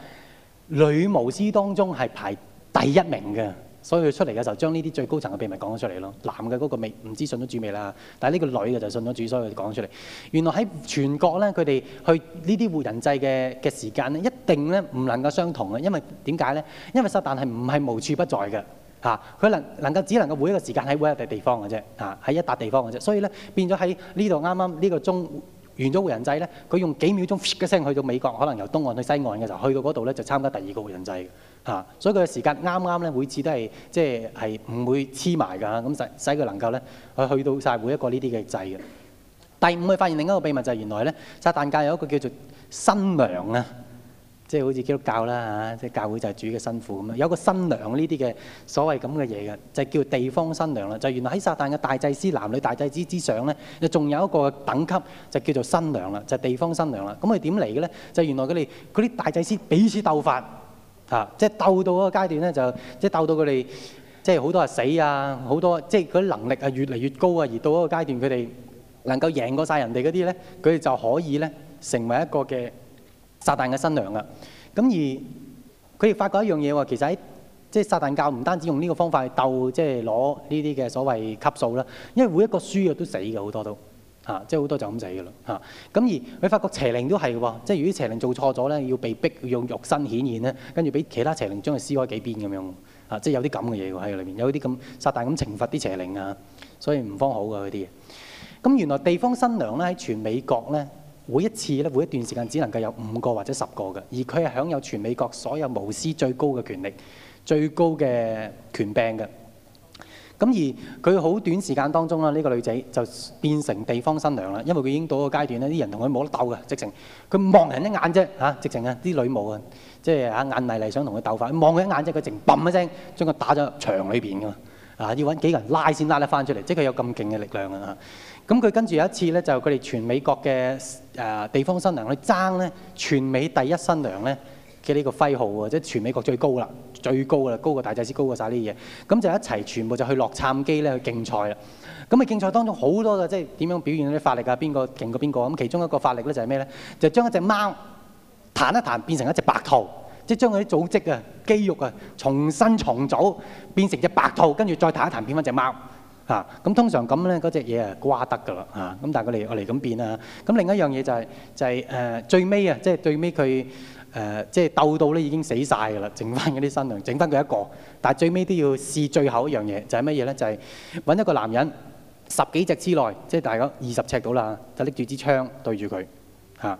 女巫師當中係排第一名嘅？所以佢出嚟嘅時候，將呢啲最高層嘅秘密講咗出嚟咯。男嘅嗰個未唔知信咗主未啦，但係呢個女嘅就信咗主，所以佢講咗出嚟。原來喺全國咧，佢哋去呢啲活人祭嘅嘅時間咧，一定咧唔能夠相同嘅，因為點解咧？因為撒旦係唔係無處不在嘅嚇，佢、啊、能能夠只能夠每一個時間喺每一笪地方嘅啫嚇，喺、啊、一笪地方嘅啫，所以咧變咗喺呢度啱啱呢個鐘。完咗活人祭咧，佢用幾秒鐘，噉嘅聲去到美國，可能由東岸去西岸嘅時候，去到嗰度咧就參加第二個活人祭嘅嚇，所以佢嘅時間啱啱咧，每次都係即係係唔會黐埋㗎，咁使使佢能夠咧去去到晒每一個呢啲嘅祭嘅。第五，佢發現另一個秘密就係、是、原來咧撒旦教有一個叫做新娘啊。即係好似基督教啦嚇，即係教會就係主嘅新婦咁樣，有個新娘呢啲嘅所謂咁嘅嘢嘅，就叫地方新娘啦。就原來喺撒旦嘅大祭司、男女大祭司之上咧，就仲有一個等級，就叫做新娘啦，就地方新娘啦。咁佢點嚟嘅咧？就原來佢哋嗰啲大祭司彼此鬥法啊，即係鬥到嗰個階段咧，就即係鬥到佢哋即係好多係死啊，好多即係嗰啲能力啊越嚟越高啊，而到嗰個階段佢哋能夠贏過晒人哋嗰啲咧，佢哋就可以咧成為一個嘅撒旦嘅新娘啦，咁而佢哋發覺一樣嘢喎，其實喺即係撒旦教唔單止用呢個方法去鬥，即係攞呢啲嘅所謂級數啦。因為每一個輸嘅都死嘅好多都嚇、啊，即係好多就咁死嘅啦嚇。咁、啊、而佢發覺邪靈都係喎，即係如果邪靈做錯咗咧，要被逼要用肉身顯現咧，跟住俾其他邪靈將佢撕開幾邊咁樣嚇，即係有啲咁嘅嘢喺裏面，有啲咁撒旦咁懲罰啲邪靈啊，所以唔方好嘅嗰啲嘢。咁原來地方新娘咧喺全美國咧。每一次咧，每一段時間只能夠有五個或者十個嘅，而佢係享有全美國所有巫師最高嘅權力、最高嘅權柄嘅。咁而佢好短時間當中啦，呢個女仔就變成地方新娘啦，因為佢已經到個階段咧，啲人同佢冇得鬥嘅，直情。佢望人一眼啫，嚇直情啊！啲女巫啊，即係嚇眼厲厲想同佢鬥法，望佢一眼啫，佢淨嘭一聲將佢打咗入牆裏邊㗎嘛。啊，要揾幾個人拉先拉得返出嚟，即係佢有咁勁嘅力量㗎嚇。咁佢跟住有一次咧，就佢、是、哋全美國嘅誒、呃、地方新娘去爭咧全美第一新娘咧嘅呢、就是、個徽號喎，即、就、係、是、全美國最高啦，最高啦，高過大祭司，高過晒呢啲嘢。咁就一齊全部就去洛杉磯咧去競賽啦。咁啊競賽當中好多嘅即係點樣表現啲法力啊？邊個勁過邊個？咁其中一個法力咧就係咩咧？就是呢就是、將一隻貓彈一彈變成一隻白兔，即、就、係、是、將佢啲組織啊、肌肉啊重新重組變成隻白兔，跟住再彈一彈變翻隻貓。啊，咁通常咁咧，嗰隻嘢啊瓜得噶啦，啊，咁但係佢嚟，我嚟咁變啊，咁另一樣嘢就係就係誒最尾啊，即係最尾佢誒即係鬥到咧已經死晒噶啦，剩翻嗰啲生龍，整翻佢一個，但係最尾都要試最後一樣嘢，就係乜嘢咧？就係揾一個男人十幾隻之內，即係大概二十尺到啦，就拎住支槍對住佢嚇，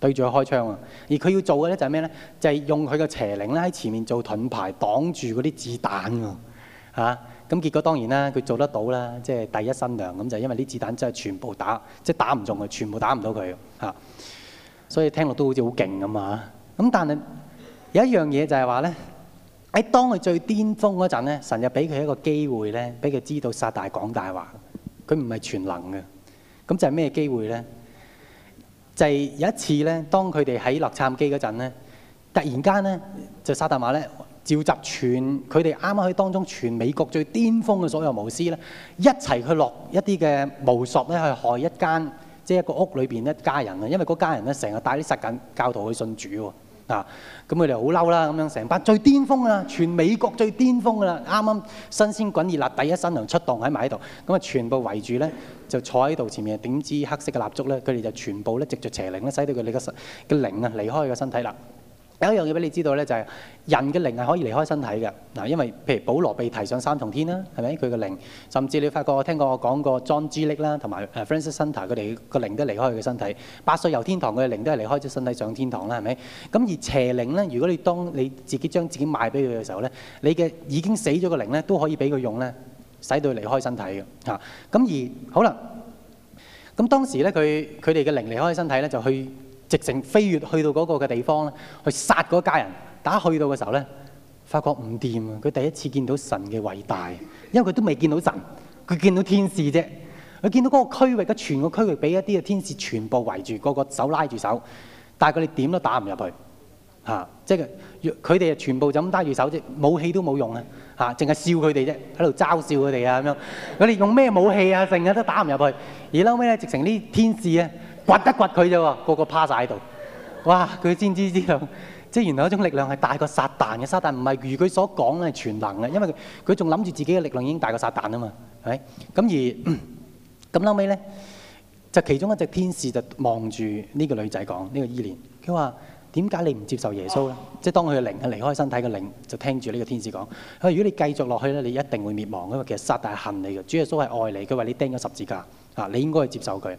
對住佢開槍啊！而佢要做嘅咧就係咩咧？就係用佢個邪靈咧喺前面做盾牌，擋住嗰啲子彈喎嚇。啊咁結果當然啦，佢做得到啦，即係第一新娘咁就因為啲子彈真係全部打，即係打唔中佢，全部打唔到佢嚇。所以聽落都好似好勁咁嘛。咁但係有一樣嘢就係話咧，喺當佢最巔峰嗰陣咧，神就俾佢一個機會咧，俾佢知道撒旦講大話，佢唔係全能嘅。咁就係咩機會咧？就係、是、有一次咧，當佢哋喺洛杉磯嗰陣咧，突然間咧就撒旦馬咧。召集全佢哋啱啱喺當中全美國最巔峰嘅所有巫師咧，一齊去落一啲嘅巫術咧去害一間即係一個屋裏邊一家人啊，因為嗰家人咧成日帶啲實緊教徒去信主喎啊！咁佢哋好嬲啦，咁樣成班最巔峯啊，全美國最巔峰噶啦，啱啱、啊、新鮮滾熱辣第一新娘出動喺埋喺度，咁啊全部圍住咧就坐喺度前面，點知黑色嘅蠟燭咧，佢哋就全部咧藉著邪靈咧，使到佢哋嘅嘅靈啊離開佢個身體啦。有一樣嘢俾你知道咧，就係人嘅靈係可以離開身體嘅。嗱，因為譬如保羅被提上三重天啦，係咪？佢嘅靈，甚至你發覺我聽過我講過 John G. Lake 啦，同埋 Francis Hunter，佢哋個靈都離開佢嘅身體。八歲遊天堂佢嘅靈都係離開咗身體上天堂啦，係咪？咁而邪靈咧，如果你當你自己將自己賣俾佢嘅時候咧，你嘅已經死咗個靈咧，都可以俾佢用咧，使到佢離開身體嘅。嚇，咁而好啦，咁當時咧，佢佢哋嘅靈離開身體咧，就去。直情飛越去到嗰個嘅地方咧，去殺嗰家人。打去到嘅時候咧，發覺唔掂啊！佢第一次見到神嘅偉大，因為佢都未見到神，佢見到天使啫。佢見到嗰個區域嘅全個區域，俾一啲嘅天使全部圍住，個個手拉住手，但係佢哋點都打唔入去嚇、啊。即係佢，佢哋啊全部就咁拉住手啫，武器都冇用啊嚇，淨係笑佢哋啫，喺度嘲笑佢哋啊咁樣。佢哋用咩武器啊？成日都打唔入去。而嬲尾咧，直情啲天使啊！掘一掘佢啫喎，個個趴晒喺度。哇！佢先知知道，即係原來嗰種力量係大過撒旦嘅。撒旦唔係如佢所講嘅全能嘅，因為佢佢仲諗住自己嘅力量已經大過撒旦啊嘛，係咪？咁而咁、嗯、後尾咧，就其中一隻天使就望住呢個女仔講：呢、這個伊蓮，佢話點解你唔接受耶穌咧？啊、即係當佢嘅靈係離開身體嘅靈就聽住呢個天使講：佢如果你繼續落去咧，你一定會滅亡嘅。因為其實撒旦係恨你嘅，主耶穌係愛你。佢話你釘咗十字架啊，你應該去接受佢。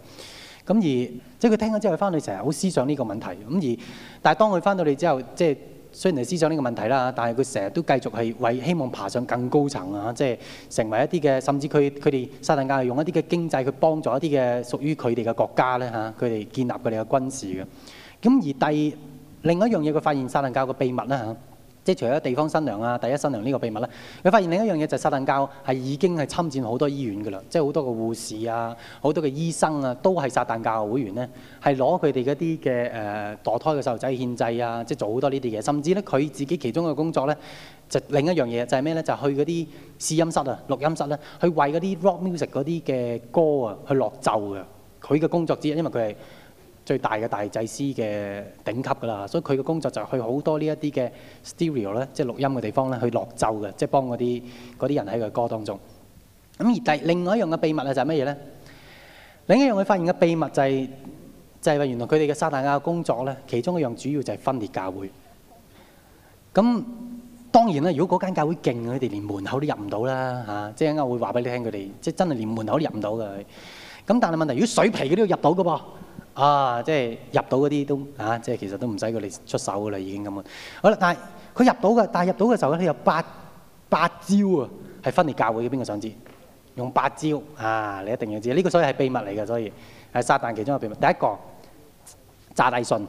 咁而即係佢聽咗之後，佢翻到嚟成日好思想呢個問題。咁而但係當佢翻到嚟之後，即係雖然思想呢個問題啦，但係佢成日都繼續係為希望爬上更高層啊，即係成為一啲嘅，甚至佢佢哋撒旦教係用一啲嘅經濟去幫助一啲嘅屬於佢哋嘅國家呢，嚇，佢哋建立佢哋嘅軍事嘅。咁而第二另一樣嘢，佢發現撒旦教嘅秘密呢。即除咗地方新娘啊、第一新娘呢個秘密咧，佢發現另一樣嘢就係撒旦教係已經係侵占好多醫院嘅啦，即係好多個護士啊、好多嘅醫生啊都係撒旦教會員咧，係攞佢哋嗰啲嘅誒墮胎嘅細路仔獻祭啊，即係做好多呢啲嘢。甚至咧，佢自己其中嘅工作咧就另一樣嘢就係咩咧？就係、去嗰啲試音室啊、錄音室咧、啊，去為嗰啲 rock music 嗰啲嘅歌啊去落咒嘅。佢嘅工作之一，因為佢係。最大嘅大祭司嘅頂級噶啦，所以佢嘅工作就係去好多呢一啲嘅 studio 咧，即係錄音嘅地方咧，去落咒嘅，即係幫嗰啲嗰啲人喺個歌當中。咁而第另外一樣嘅秘密啊，就係乜嘢咧？另一樣佢發現嘅秘密就係，就係話原來佢哋嘅撒旦教工作咧，其中一樣主要就係分裂教會。咁當然啦，如果嗰間教會勁，佢哋連門口都入唔到啦嚇。即係啱啱會話俾你聽，佢哋即係真係連門口都入唔到嘅。咁但係問題係，如果水皮佢都要入到嘅噃。啊，即係入到嗰啲都啊，即係其實都唔使佢哋出手噶啦，已經咁樣。好啦，但係佢入到嘅，但係入到嘅時候咧，佢有八八招啊，係分裂教會嘅，邊個想知？用八招啊，你一定要知，呢、這個所以係秘密嚟嘅，所以係、啊、撒旦其中一個秘密。第一個炸大信。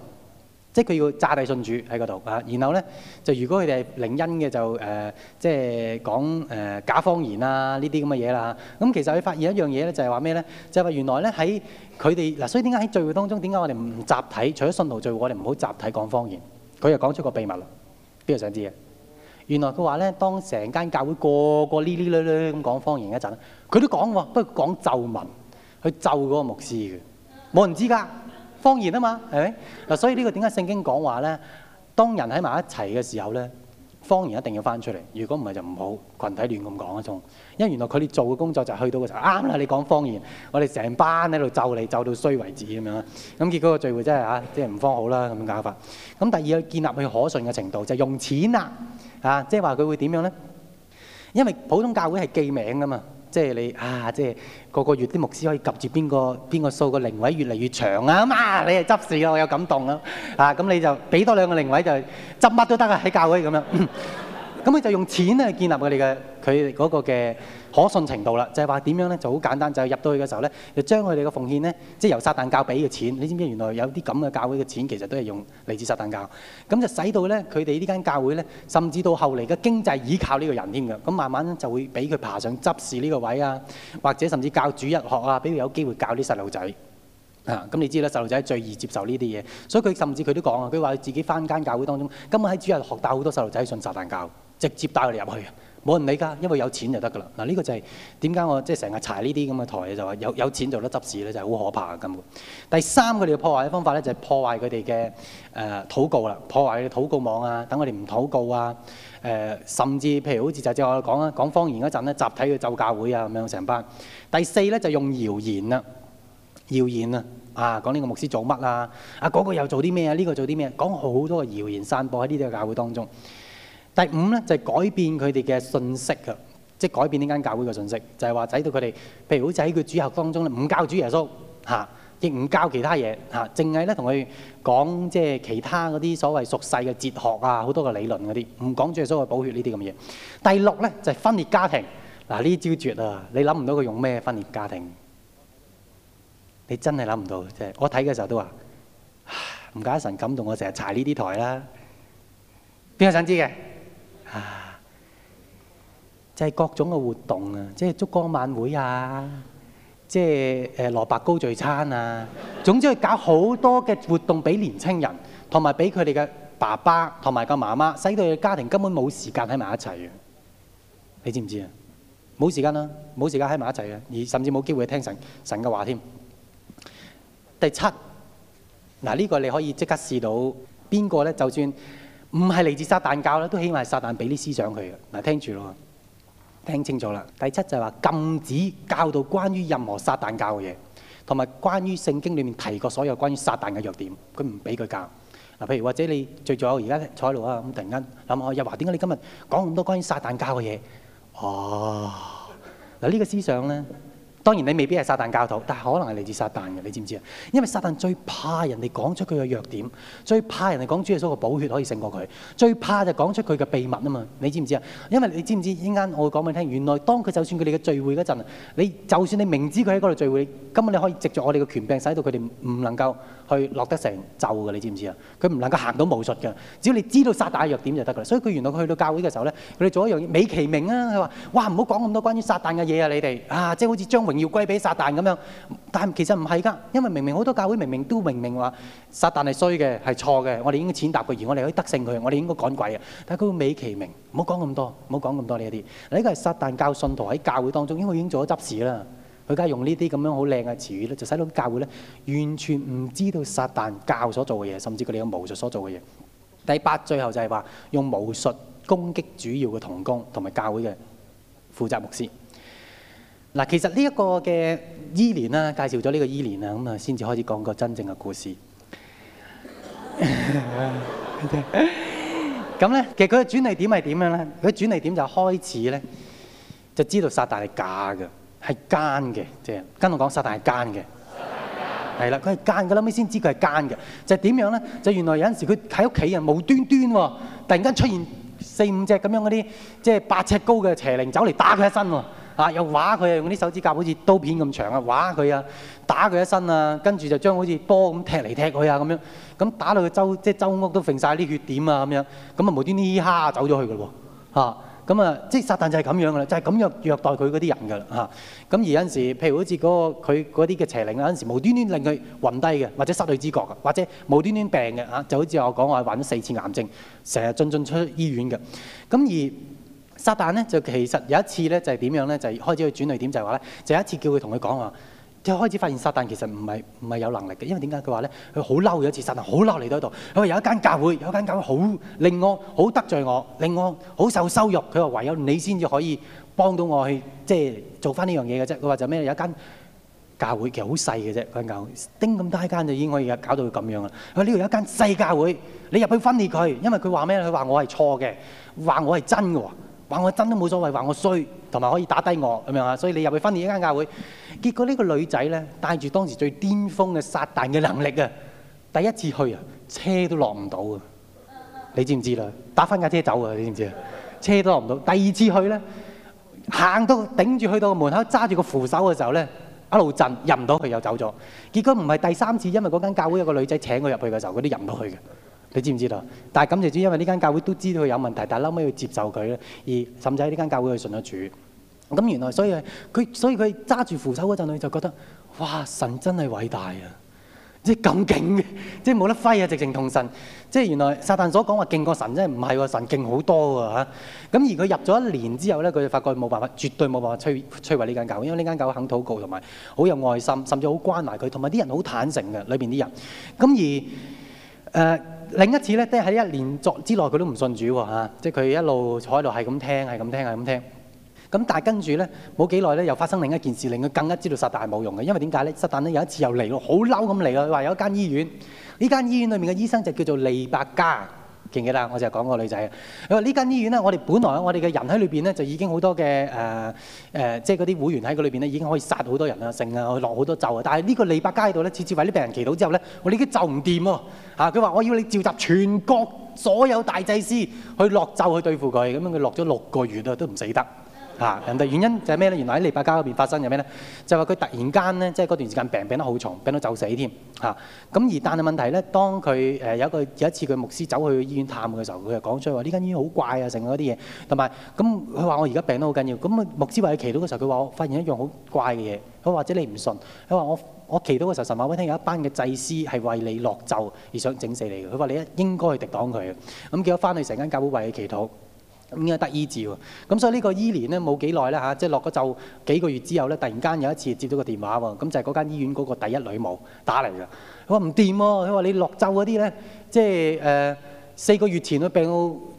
即係佢要詐諦信主喺嗰度啊，然後咧就如果佢哋係靈恩嘅就誒、呃，即係講誒假方言啊呢啲咁嘅嘢啦。咁、啊、其實佢發現一樣嘢咧，就係話咩咧？就係話原來咧喺佢哋嗱，所以點解喺聚會當中點解我哋唔集體？除咗信徒聚會，我哋唔好集體講方言。佢又講出個秘密啦，邊個想知嘅？原來佢話咧，當成間教會個個呢呢嗰嗰咁講方言一陣，佢都講喎，不過講咒文去咒嗰個牧師嘅，冇人知㗎。方言啊嘛，係咪？嗱，所以呢個點解聖經講話咧？當人喺埋一齊嘅時候咧，方言一定要翻出嚟。如果唔係就唔好，群體亂咁講一種。因為原來佢哋做嘅工作就係去到嘅時候啱啦，你講方言，我哋成班喺度咒你咒到衰為止咁樣啦。咁結果個聚會真係啊，即係唔方好啦咁樣搞法。咁第二要建立佢可信嘅程度，就係用錢啦。啊，即係話佢會點樣咧？因為普通教會係記名噶嘛。即係你啊！即係個個月啲牧師可以及住邊個邊個數，個靈位越嚟越長啊！咁啊，你係執事啊，我有感動啊！啊，咁你就俾多兩個靈位就執乜都得啊。喺教會咁樣，咁、嗯、佢 *laughs* 就用錢啊建立佢哋嘅佢哋嗰個嘅。可信程度啦，就係話點樣咧？就好簡單，就係入到去嘅時候咧，就將佢哋嘅奉獻咧，即係由撒旦教俾嘅錢。你知唔知原來有啲咁嘅教會嘅錢，其實都係用嚟自撒旦教。咁就使到咧，佢哋呢間教會咧，甚至到後嚟嘅經濟依靠呢個人添嘅。咁慢慢就會俾佢爬上執事呢個位啊，或者甚至教主日學啊，俾佢有機會教啲細路仔。啊，咁你知啦，細路仔最易接受呢啲嘢，所以佢甚至佢都講啊，佢話自己返間教會當中，今日喺主日學帶好多細路仔信撒旦教，直接帶佢哋入去。冇人理㗎，因為有錢就得㗎啦。嗱、這、呢個就係點解我即係成日查呢啲咁嘅台嘅就話有有錢做得執事咧，就係、是、好可怕嘅根本。第三，佢哋嘅破壞嘅方法咧就係、是、破壞佢哋嘅誒禱告啦，破壞佢嘅禱告網啊，等佢哋唔禱告啊。誒、呃，甚至譬如好似就正我講啊，講方言嗰陣咧，集體去咒教會啊咁樣成班。第四咧就用謠言,謠言啊，謠言啊，啊講呢個牧師做乜啊？啊、那、嗰個又做啲咩啊？呢、這個做啲咩？講好多嘅謠言散播喺呢啲嘅教會當中。第五咧就係、是、改變佢哋嘅信息嘅，即係改變呢間教會嘅信息，就係話仔到佢哋，譬如好似喺佢主日學當中咧，唔教主耶穌嚇，亦唔教其他嘢嚇，淨係咧同佢講即係其他嗰啲所謂俗世嘅哲學啊，好多嘅理論嗰啲，唔講主耶穌嘅寶血呢啲咁嘅嘢。第六咧就係、是、分裂家庭，嗱呢招絕啊！你諗唔到佢用咩分裂家庭？你真係諗唔到，即係。我睇嘅時候都話：唔解神感動我，成日查呢啲台啦。邊個想知嘅？啊！就係、是、各種嘅活動啊，即係燭光晚會啊，即係誒蘿蔔糕聚餐啊， *laughs* 總之佢搞好多嘅活動俾年青人，同埋俾佢哋嘅爸爸同埋個媽媽，使到佢家庭根本冇時間喺埋一齊嘅。你知唔知啊？冇時間啦，冇時間喺埋一齊嘅，而甚至冇機會聽神神嘅話添。第七，嗱、這、呢個你可以即刻試到邊個咧？就算。唔係嚟自撒旦教啦，都起碼係撒旦俾啲思想佢嘅。嗱，聽住咯，聽清楚啦。第七就係話禁止教導關於任何撒旦教嘅嘢，同埋關於聖經裡面提過所有關於撒旦嘅弱點，佢唔俾佢教。嗱，譬如或者你最早有而家坐喺度啊，咁突然間諗我又話點解你今日講咁多關於撒旦教嘅嘢？哦，嗱、這、呢個思想咧。當然你未必係撒旦教徒，但可能係嚟自撒旦嘅，你知唔知道？因為撒旦最怕人哋講出佢嘅弱點，最怕人哋講主耶穌嘅寶血可以勝過佢，最怕就講出佢嘅秘密嘛！你知唔知道因為你知唔知依家我會講俾你聽，原來當佢就算佢哋嘅聚會嗰陣，你就算你明知佢喺嗰度聚會，根本你可以藉著我哋嘅權柄使到佢哋唔能夠。去落得成咒嘅，你知唔知啊？佢唔能夠行到巫術嘅。只要你知道撒旦嘅弱點就得噶啦。所以佢原來佢去到教會嘅時候咧，佢哋做一樣嘢，美其名啊，佢話：哇，唔好講咁多關於撒旦嘅嘢啊，你哋啊，即係好似將榮耀歸俾撒旦咁樣。但係其實唔係㗎，因為明明好多教會明明都明明話撒旦係衰嘅，係錯嘅，我哋應該踐踏佢，而我哋可以得勝佢，我哋應該趕鬼啊。但係佢美其名，唔好講咁多，唔好講咁多呢一啲。嗱，呢個係撒旦教信徒喺教會當中，應該已經做咗執事啦。佢而家用呢啲咁樣好靚嘅詞語咧，就使到教會咧，完全唔知道撒旦教所做嘅嘢，甚至佢哋嘅巫術所做嘅嘢。第八，最後就係話用巫術攻擊主要嘅童工同埋教會嘅負責牧師。嗱， *laughs* *laughs* 其實呢一個嘅依蓮啦，介紹咗呢個依蓮啊，咁啊先至開始講個真正嘅故事。咁咧，其實佢嘅轉捩點係點樣咧？佢嘅轉捩點就開始咧，就知道撒旦係假嘅。係奸嘅，即係跟我講實，但係奸嘅係啦，佢係奸嘅啦，尾先、嗯、知佢係奸嘅，就點、係、樣咧？就原來有陣時佢喺屋企啊，無端端喎，突然間出現四五隻咁樣嗰啲即係八尺高嘅邪靈走嚟打佢一身喎，又畫佢啊，用啲手指甲好似刀片咁長啊，畫佢啊，打佢一身啊，跟住就將好似波咁踢嚟踢去啊，咁樣咁打到佢周即係周屋都揈晒啲血點啊，咁樣咁啊無端端一下走咗去嘅喎，啊！咁啊，即係撒旦就係咁樣噶啦，就係、是、咁樣虐待佢嗰啲人噶啦嚇。咁、啊、而有陣時，譬如好似嗰、那個佢嗰啲嘅邪靈有陣時無端端令佢暈低嘅，或者失去知覺嘅，或者無端端病嘅嚇、啊，就好似我講話患咗四次癌症，成日進進出醫院嘅。咁而撒旦咧就其實有一次咧就係、是、點樣咧，就開始去轉捩點，就係話咧，就有一次叫佢同佢講話。就開始發現撒旦其實唔係唔係有能力嘅，因為點解佢話咧？佢好嬲有一次，撒旦好嬲嚟到呢度。佢話有一間教會，有一間教會好令我好得罪我，令我好受羞辱。佢話唯有你先至可以幫到我去即係做翻呢樣嘢嘅啫。佢話就咩？有一間教會其實好細嘅啫，間教會丁咁大間就已經可以搞到咁樣啦。佢話呢度有一間細教會，你入去分裂佢，因為佢話咩？佢話我係錯嘅，話我係真嘅喎。話我真都冇所謂，話我衰同埋可以打低我咁樣啊！所以你入去訓練一間教會，結果呢個女仔咧帶住當時最巔峰嘅撒旦嘅能力啊，第一次去啊，車都落唔到啊！你知唔知啦？打翻架車走啊！你知唔知啊？車都落唔到。第二次去咧，行到頂住去到個門口，揸住個扶手嘅時候咧，一路震，入唔到去又走咗。結果唔係第三次，因為嗰間教會有個女仔請佢入去嘅時候，佢都入唔到去嘅。你知唔知道？但係感謝主，因為呢間教會都知道佢有問題，但係嬲尾要接受佢咧，而甚至喺呢間教會去信咗主。咁原來所以佢所以佢揸住扶手嗰陣，佢就覺得哇！神真係偉大啊！即係咁勁嘅，即係冇得揮啊！直情同神。即係原來撒旦所講話勁過神，真係唔係喎，神勁好多喎咁、啊、而佢入咗一年之後咧，佢就發覺冇辦法，絕對冇辦法摧摧毀呢間教會，因為呢間教會肯禱告同埋好有愛心，甚至好關懷佢，同埋啲人好坦誠嘅裏邊啲人。咁而誒。呃另一次呢，都係喺一年作之內，佢都唔信主喎、啊、即係佢一路坐喺度係咁聽，係咁聽，係咁聽。咁但係跟住咧，冇幾耐咧，又發生另一件事，令佢更加知道撒旦係冇用嘅。因為點解呢？撒旦有一次又嚟咯，好嬲咁嚟咯，話有一間醫院，呢間醫院裏面嘅醫生就叫做利百加。記唔記得？我就係講個女仔啊！佢話呢間醫院我哋本來我哋嘅人喺裏面就已經好多嘅，呃呃、即係嗰啲會員喺裏面已經可以殺好多人啦，成啊落好多咒，但係呢個李伯嘉喺度咧，次次為啲病人祈禱之後呢，我哋已經就唔掂喎嚇！佢、啊、話我要你召集全國所有大祭司去落咒去對付佢，咁佢落咗六個月啊，都唔死得。嚇，人哋原因就係咩咧？原來喺尼伯家嗰邊發生咗咩咧？就話、是、佢突然間咧，即係嗰段時間病病得好重，病到就死添嚇。咁而但係問題咧，當佢誒有一個有一次佢牧師走去醫院探佢嘅時候，佢就講出嚟話：呢間醫院好怪啊，成個啲嘢。同埋咁佢話我而家病得好緊要。咁啊，牧師為佢祈禱嘅時候，佢話我發現一樣好怪嘅嘢。佢話或者你唔信，佢話我我祈禱嘅時候，神馬威聽有一班嘅祭司係為你落咒而想整死你嘅。佢話你一應該去敵擋佢嘅。咁結果翻去成間教會為佢祈禱。咁應該得醫治喎，咁所以呢個醫年咧冇幾耐咧嚇，即係落咗咒幾個月之後咧，突然間有一次接到個電話喎，咁就係、是、嗰間醫院嗰個第一女巫打嚟嘅，佢話唔掂喎，佢話你落咒嗰啲咧，即係誒、呃、四個月前佢病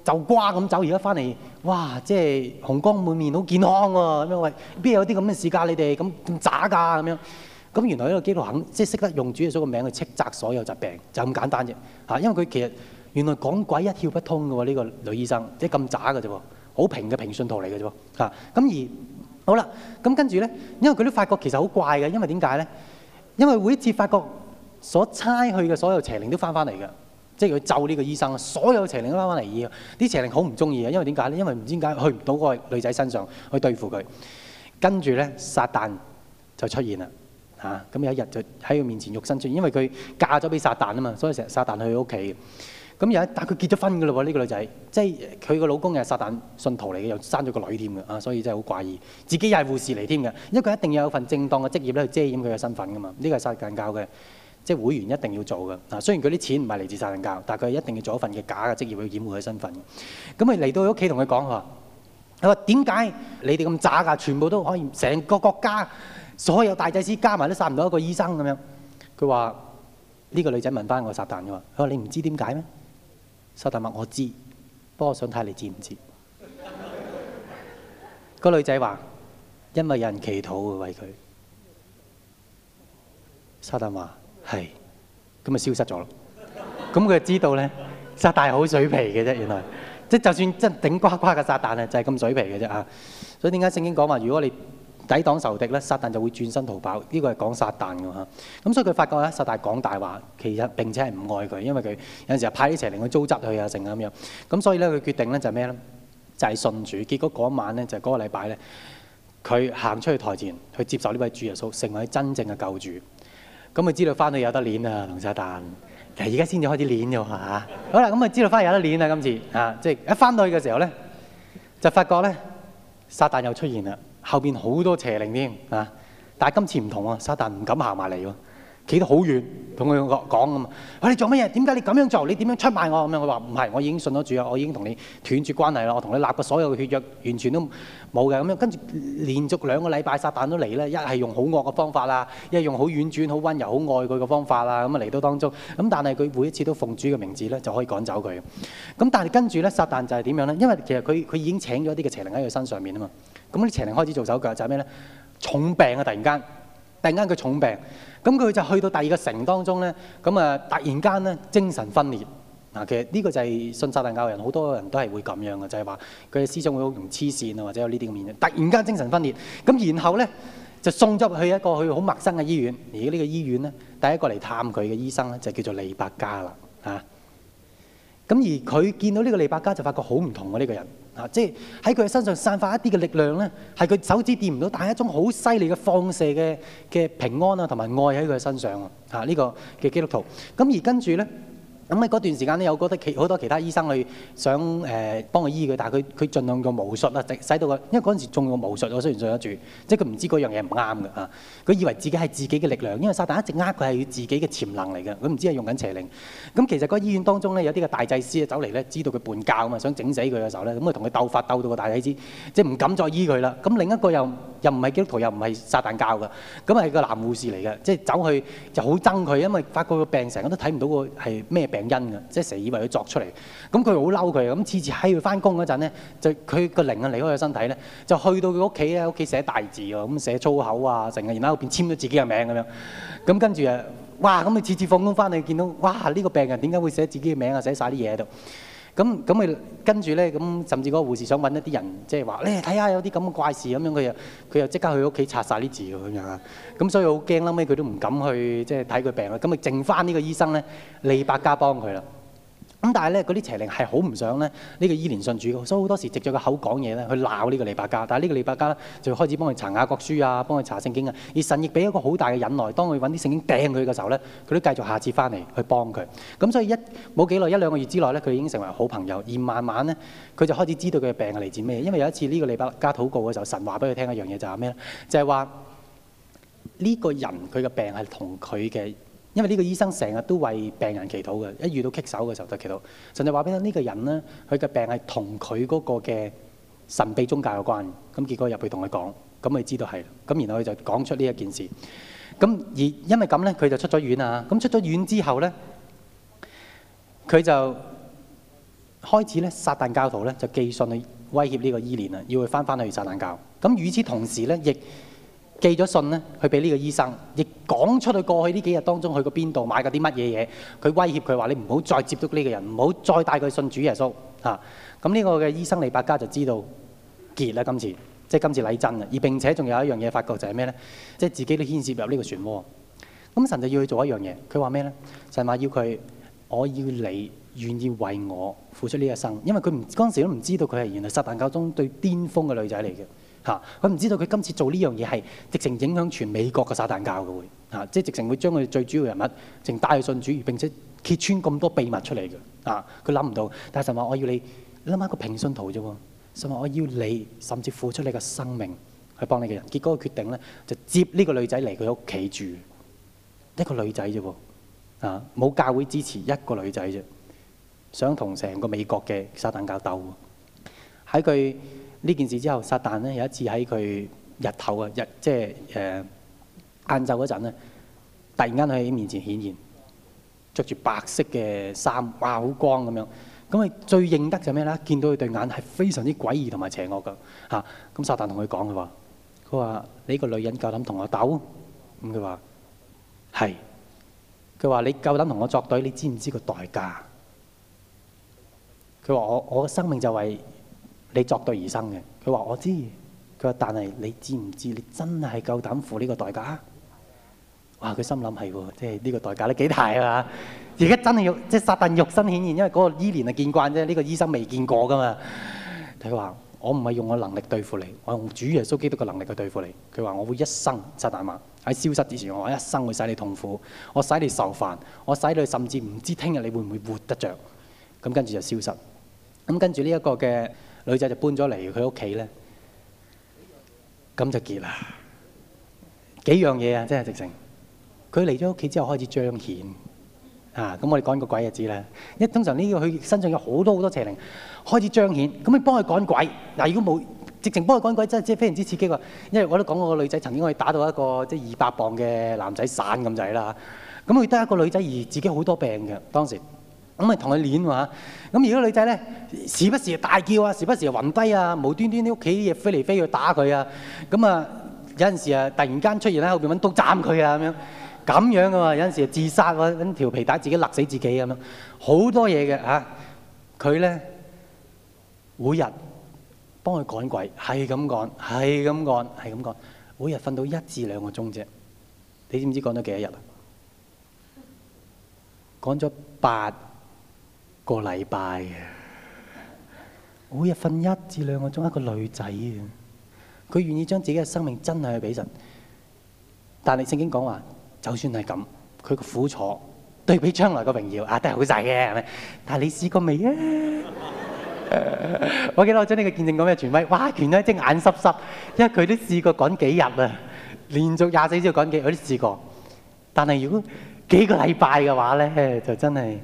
到就瓜咁走，而家翻嚟，哇！即係紅光滿面，好健康喎、啊，咁樣喂，邊有啲咁嘅事㗎、啊？你哋咁渣㗎咁樣，咁原來呢個基督肯即係識得用主耶穌嘅名去斥責所有疾病，就咁簡單啫嚇，因為佢其實。原來講鬼一竅不通嘅喎，呢、這個女醫生即係咁渣嘅啫喎，好平嘅平信徒嚟嘅啫喎嚇。咁而好啦，咁跟住咧，因為佢都發覺其實好怪嘅，因為點解咧？因為每一次發覺所差去嘅所有邪靈都翻返嚟嘅，即係佢咒呢個醫生啊！所有邪靈都翻返嚟要，啲邪靈好唔中意嘅，因為點解咧？因為唔知點解去唔到個女仔身上去對付佢。跟住咧，撒旦就出現啦嚇。咁、啊、有一日就喺佢面前肉身出現，因為佢嫁咗俾撒旦啊嘛，所以成日撒旦去佢屋企咁又係，但佢結咗婚㗎啦喎！呢個女仔，即係佢個老公又係撒旦信徒嚟嘅，又生咗個女添嘅啊！所以真係好怪異。自己又係護士嚟添嘅，因為佢一定要有份正當嘅職業咧，去遮掩佢嘅身份㗎嘛。呢個係撒旦教嘅，即係會員一定要做嘅嗱。雖然佢啲錢唔係嚟自撒旦教，但係佢一定要做一份嘅假嘅職業去掩護佢身份。咁佢嚟到佢屋企同佢講話，佢話點解你哋咁渣㗎？全部都可以成個國家所有大祭司加埋都殺唔到一個醫生咁樣。佢話呢個女仔問翻我撒旦嘅話，佢話：你唔知點解咩？撒旦話，我知，不過我想睇下你知唔知。個 *laughs* 女仔話：因為有人祈禱會為佢。撒旦話係，咁就消失咗咯。咁佢 *laughs* 就知道咧，撒旦係好水皮嘅啫。原來即係就算真係頂呱呱嘅撒旦啊，就係咁水皮嘅啫啊。所以點解聖經講話如果你抵擋仇敵咧，撒旦就會轉身逃跑。呢個係講撒旦㗎嚇。咁所以佢發覺咧，撒旦講大話，其實並且係唔愛佢，因為佢有陣時候派啲邪靈去糟質佢啊，成咁樣。咁所以咧，佢決定咧就咩咧？就係、是、信主。結果嗰晚咧，就嗰、是、個禮拜咧，佢行出去台前去接受呢位主耶穌，成為真正嘅救主。咁佢知道翻去有得練啊，同撒旦。其實而家先至開始練啫喎嚇。 *laughs* 好啦，咁啊知道翻去有得練啊，今次嚇，即、啊、係、就是、一翻到去嘅時候咧，就發覺咧，撒旦又出現啦。後邊好多邪靈添啊！但係今次唔同啊，撒旦唔敢行埋嚟喎，企得好遠，同佢講咁，喂，你做乜嘢？點解你咁樣做？你點樣出賣我？咁樣佢話唔係，我已經信咗主啊，我已經同你斷絕關係啦，我同你立嘅所有嘅血約完全都冇嘅咁樣。跟住連續兩個禮拜，撒旦都嚟咧，一係用好惡嘅方法啦，一係用好婉轉、好温柔、好愛佢嘅方法啦，咁啊嚟到當中咁。但係佢每一次都奉主嘅名字咧，就可以趕走佢。咁但係跟住咧，撒旦就係點樣咧？因為其實佢佢已經請咗一啲嘅邪靈喺佢身上面啊嘛。咁啲邪靈開始做手腳，就係咩咧？重病啊！突然間，突然間佢重病，咁佢就去到第二個城當中咧。咁啊，突然間咧，精神分裂。嗱，其實呢個就係信撒旦教嘅人好多人都係會咁樣嘅，就係話佢嘅思想會好容易黐線啊，或者有呢啲咁嘅嘢。突然間精神分裂，咁然後咧就送咗去一個去好陌生嘅醫院。而呢個醫院咧，第一個嚟探佢嘅醫生咧就叫做李百家啦，嚇、啊。咁而佢見到呢個李百家就發覺好唔同喎呢個人。即係喺佢身上散發一啲嘅力量咧，係佢手指掂唔到，但係一種好犀利嘅放射嘅嘅平安啊，同埋愛喺佢身上啊！吓、這、呢個嘅基督徒，咁而跟住咧。咁咧嗰段時間咧，我覺得好多其他醫生去想誒、呃、幫佢醫佢，但係佢佢盡量個巫術啦，使到佢。因為嗰陣仲用個巫術，我雖然信得住，即係佢唔知嗰樣嘢唔啱嘅啊，佢以為自己係自己嘅力量，因為撒旦一直呃佢係佢自己嘅潛能嚟嘅，佢唔知係用緊邪靈。咁其實嗰個醫院當中咧，有啲嘅大祭司走嚟咧，知道佢叛教啊嘛，想整死佢嘅時候咧，咁佢同佢鬥法鬥到個大祭司，即係唔敢再醫佢啦。咁另一個又又唔係基督徒，又唔係撒旦教嘅，咁係個男護士嚟嘅，即係走去就好憎佢，因為發覺個病成日都睇唔到個係咩病。病因㗎，即係成日以為佢作出嚟，咁佢好嬲佢，咁次次喺佢翻工嗰陣咧，就佢個靈啊離開佢身體咧，就去到佢屋企咧，屋企寫大字喎，咁寫粗口啊，成日然後變簽咗自己嘅名咁樣，咁跟住啊，哇，咁佢次次放工翻嚟見到，哇，呢個病人點解會寫自己嘅名啊，寫晒啲嘢度？咁咁咪跟住咧，咁甚至嗰個護士想搵一啲人，即係話咧睇下有啲咁嘅怪事咁樣，佢又佢又即刻去屋企拆晒啲字喎咁樣。咁所以好驚啦，尾佢都唔敢去即係睇佢病啦。咁咪剩返呢個醫生咧，李百家幫佢啦。咁但係咧，嗰啲邪靈係好唔想咧呢個依連信主，所以好多時藉著個口講嘢咧去鬧呢個利百加。但係呢個利百加咧就開始幫佢查雅各書啊，幫佢查聖經啊。而神亦俾一個好大嘅忍耐，當佢揾啲聖經掟佢嘅時候咧，佢都繼續下次翻嚟去幫佢。咁所以一冇幾耐一兩個月之內咧，佢已經成為好朋友。而慢慢咧，佢就開始知道佢嘅病係嚟自咩？因為有一次呢個利百加禱告嘅時候，神話俾佢聽一樣嘢就係咩咧？就係話呢個人佢嘅病係同佢嘅。因為呢個醫生成日都為病人祈禱嘅，一遇到棘手嘅時候就祈禱。甚至話俾佢呢個人咧，佢嘅病係同佢嗰個嘅神秘宗教有關。咁結果入去同佢講，咁佢知道係。咁然後佢就講出呢一件事。咁而因為咁咧，佢就出咗院啊。咁出咗院之後咧，佢就開始咧撒旦教徒咧就寄信去威脅呢個伊蓮啊，要佢翻返去撒旦教。咁與此同時咧，亦寄咗信咧，去俾呢個醫生，亦講出佢過去呢幾日當中去過邊度，買過啲乜嘢嘢。佢威脅佢話：你唔好再接觸呢個人，唔好再帶佢信主耶穌。咁、啊、呢個嘅醫生李伯家就知道結啦今次，即係今次禮真啊！而並且仲有一樣嘢發覺就係咩呢？即係自己都牽涉入呢個漩渦。咁神就要去做一樣嘢，佢話咩呢？神話要佢，我要你願意為我付出呢一生，因為佢唔當時都唔知道佢係原來撒旦教中最巔峰嘅女仔嚟嘅。佢唔知道佢今次做呢樣嘢係直情影響全美國嘅撒旦教嘅會啊！即係直情會將佢最主要人物，直帶去信主義，並且揭穿咁多秘密出嚟嘅啊！佢諗唔到，但神就話我要你諗下個平信圖啫喎，神話我要你甚至付出你嘅生命去幫你嘅人，結果佢決定咧就接呢個女仔嚟佢屋企住，一個女仔啫喎啊！冇教會支持，一個女仔啫，想同成個美國嘅撒旦教鬥喎，喺佢。呢件事之後，撒旦咧有一次喺佢日頭啊，日即係誒晏晝嗰陣咧，突然間喺面前顯現，着住白色嘅衫，哇好光咁樣。咁佢最認得就係咩咧？見到佢對眼係非常之詭異同埋邪惡噶嚇。咁、啊、撒旦同佢講佢話：佢話你個女人夠膽同我鬥？咁佢話係。佢話你夠膽同我作對，你知唔知個代價？佢話我我嘅生命就係、是。你作對而生嘅，佢話我知，佢話但係你知唔知？你真係夠膽付呢個代價？哇！佢心諗係喎，即係呢個代價咧幾大啊！而家真係用即係撒旦肉身顯現，因為嗰個伊蓮係見慣啫，呢、呢個醫生未見過噶嘛。但佢話我唔係用我能力對付你，我用主耶穌基督嘅能力去對付你。佢話我會一生撒旦嘛喺消失之前，我一生會使你痛苦，我使你受煩，我使你甚至唔知聽日你會唔會活得着。咁跟住就消失。咁跟住呢一個嘅。女仔就搬咗嚟佢屋企咧，咁就結啦。幾樣嘢啊，真係直情。佢嚟咗屋企之後開始彰顯，啊，咁我哋趕個鬼就知啦。一通常呢個佢身上有好多好多邪靈，開始彰顯。咁你幫佢趕鬼嗱，如果冇直情幫佢趕鬼真係即係非常之刺激喎。因為我都講過個女仔曾經可以打到一個即係二百磅嘅男仔散咁仔啦。咁佢得一個女仔而自己好多病嘅當時。咁咪同佢攣喎，咁如果女仔咧，時不時大叫啊，時不時暈低啊，無端端啲屋企啲嘢飛嚟飛去打佢啊！咁啊，有陣時啊，突然間出現喺後邊揾刀斬佢啊咁樣，咁樣噶嘛、啊。有陣時啊，自殺揾條皮帶自己勒死自己咁樣，好多嘢嘅嚇！佢咧，每日幫佢趕鬼，係咁趕，係咁趕，係咁趕，趕，趕，趕，每日瞓到一至兩個鐘啫。你知唔知趕咗幾多日啊？趕咗八。一個禮拜啊，每日瞓一至兩個鐘，一個女仔啊，佢願意將自己嘅生命真係去俾神。但係聖經講話，就算係咁，佢嘅苦楚對比將來嘅榮耀啊，都係好晒嘅，係咪？但係你試過未啊？ *laughs* *laughs* 我記得將呢個見證講嘅傳威，哇，見到一滴眼濕濕，因為佢都試過趕幾日啦，連續廿四小時趕幾，佢都試過。但係如果幾個禮拜嘅話咧，就真係。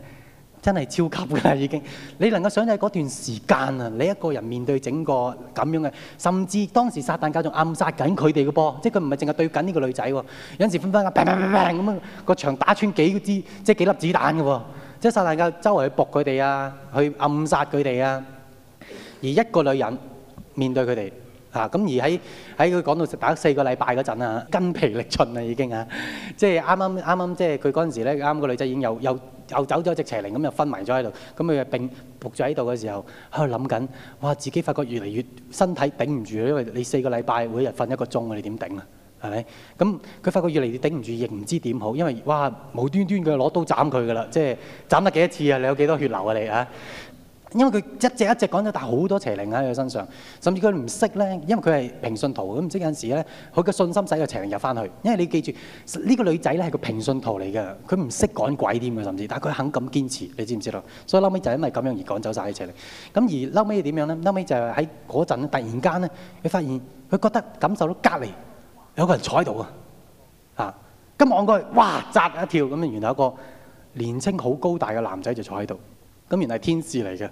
真係超級㗎啦，已經！你能夠想起嗰段時間啊，你一個人面對整個咁樣嘅，甚至當時撒旦教仲暗殺緊佢哋嘅噃，即係佢唔係淨係對緊呢個女仔喎，有陣時分分下砰砰砰砰咁啊，個牆打穿幾支即係幾粒子彈嘅喎，即係撒旦教周圍去僕佢哋啊，去暗殺佢哋啊，而一個女人面對佢哋啊，咁而喺喺佢講到打四個禮拜嗰陣啊，筋疲力盡啦已經啊，即係啱啱啱啱即係佢嗰陣時咧，啱個女仔已經有有。又走咗隻邪靈咁又昏迷咗喺度，咁佢並伏咗喺度嘅時候喺度諗緊，哇！自己發覺越嚟越身體頂唔住，因為你四個禮拜每日瞓一個鐘，你點頂啊？係咪？咁佢發覺越嚟越頂唔住，亦唔知點好，因為哇無端端佢攞刀斬佢㗎喇，即係斬得幾多次啊？你有幾多血流啊你啊？因為佢一隻一隻趕走，但係好多邪靈喺佢身上，甚至佢唔識咧。因為佢係平信徒，咁唔識有陣時咧，佢嘅信心使個邪靈入翻去。因為你記住，呢個女仔咧係個平信徒嚟嘅，佢唔識趕鬼添嘅，甚至。但係佢肯咁堅持，你知唔知道？所以後屘就係因為咁樣而趕走曬啲邪靈。咁而後屘點樣咧？後屘就係喺嗰陣突然間咧，佢發現佢覺得感受到隔籬有個人坐喺度啊！咁望過去，哇！扎一跳咁啊！原嚟一個年青好高大嘅男仔就坐喺度，咁原嚟係天使嚟嘅。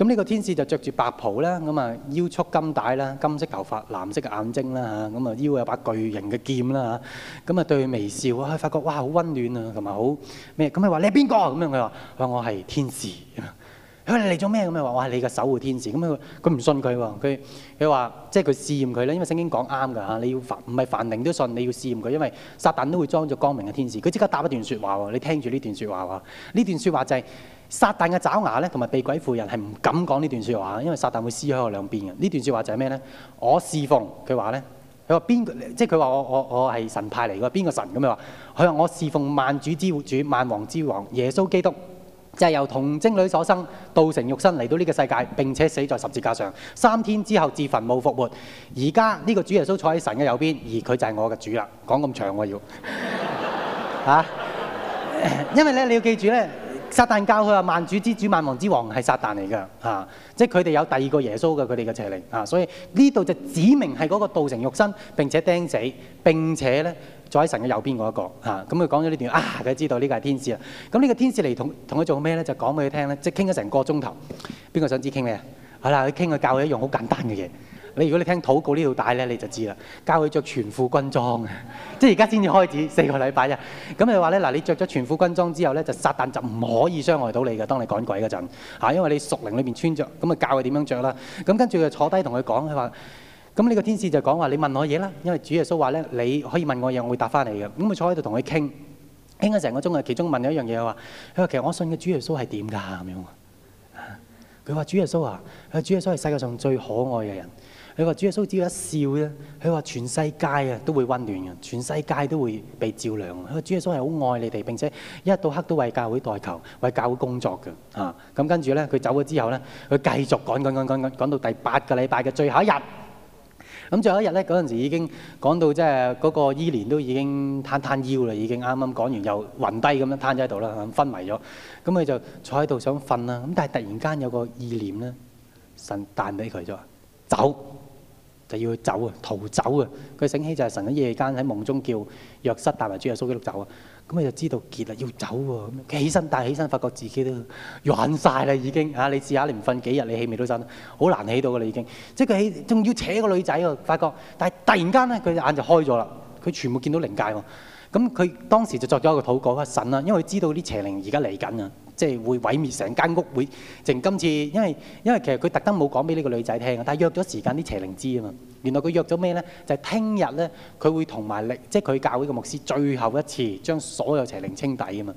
咁呢個天使就着住白袍啦，咁啊腰束金帶啦，金色頭髮、藍色嘅眼睛啦嚇，咁啊腰有把巨型嘅劍啦嚇，咁啊對微笑啊，發覺哇好温暖啊，同埋好咩？咁佢話你係邊個？咁樣佢話話我係天使。佢，你做咩？咁啊話我係你嘅守護天使。咁咧佢唔信佢喎，佢佢，話即係佢試驗佢咧，因為聖經講啱㗎嚇，你要凡唔係凡靈都信，你要試驗佢，因為撒旦都會裝咗光明嘅天使。佢即刻答一段説話喎，你聽住呢段説話喎，呢段説話就係、是。撒旦嘅爪牙咧，同埋被鬼附人係唔敢講呢段説話，因為撒旦會撕開我兩邊嘅。呢段説話就係咩呢？我侍奉佢話呢，佢話邊個？即係佢話我我我係神派嚟嘅，邊個神咁佢話？佢話我侍奉萬主之主、萬王之王耶穌基督，就係、是、由童貞女所生，道成肉身嚟到呢個世界，並且死在十字架上，三天之後自墳墓復活。而家呢個主耶穌坐喺神嘅右邊，而佢就係我嘅主啦。講咁長我、啊、要、 *laughs* 啊、因為咧你要記住呢。撒旦教佢話萬主之主萬王之王係撒旦嚟㗎嚇，即係佢哋有第二個耶穌嘅，佢哋嘅邪靈啊，所以呢度就指明係嗰個道成肉身，並且釘死，並且咧坐喺神嘅右邊嗰一個嚇，咁佢講咗呢段啊，佢、嗯啊、知道呢個係天使啊，咁呢個天使嚟同同佢做咩咧？就講俾佢聽咧，即係傾咗成個鐘頭，邊個想知傾咩啊？好啦，佢傾佢教佢一樣好簡單嘅嘢。你如果你聽禱告呢條帶咧，你就知啦。教佢著全副軍裝，即係而家先至開始四個禮拜啫。咁你話咧，嗱你著咗全副軍裝之後咧，就撒旦就唔可以傷害到你嘅。當你趕鬼嗰陣嚇，因為你屬靈裏邊穿着，咁啊教佢點樣著啦。咁跟住就坐低同佢講，佢話：咁呢個天使就講話，你問我嘢啦，因為主耶穌話咧，你可以問我嘢，我會答翻你嘅。咁佢坐喺度同佢傾傾咗成個鐘啊，其中問咗一樣嘢，佢話：因為其實我信嘅主耶穌係點㗎咁樣啊？佢話：主耶穌啊，啊主耶穌係世界上最可愛嘅人。佢話：他說主耶穌只要一笑啫，佢話全世界啊都會溫暖嘅，全世界都會被照亮。佢話：主耶穌係好愛你哋，並且一日到黑都為教會代求，為教會工作嘅。嚇、啊、咁跟住咧，佢走咗之後咧，佢繼續講講講講講到第八個禮拜嘅最後一日。咁最後一日咧，嗰陣時已經講到即係嗰個伊蓮都已經攤攤腰啦，已經啱啱講完又暈低咁樣攤咗喺度啦，昏迷咗。咁佢就坐喺度想瞓啦。咁但係突然間有個意念咧，神彈俾佢咗，走。就，要走，走就，晨晨走就要走啊，逃走啊！佢醒起就係神喺夜間喺夢中叫約瑟帶埋主耶穌基督走啊。咁佢就知道結啦，要走喎。起身但帶起身，發覺自己都軟晒啦，已經嚇、啊、你試下，你唔瞓幾日，你起未都真好難起到噶啦，已經即係佢起仲要扯個女仔喎、啊。發覺但係突然間咧，佢眼就開咗啦，佢全部見到靈界喎、啊。咁佢當時就作咗一個禱告啦，神啦、啊，因為佢知道啲邪靈而家嚟緊啊。即係會毀滅成間屋，會淨今次，因為因為其實佢特登冇講俾呢個女仔聽啊，但係約咗時間啲邪靈知啊嘛。原來佢約咗咩咧？就係聽日咧，佢會同埋力，即係佢教會嘅牧師最後一次將所有邪靈清底啊嘛。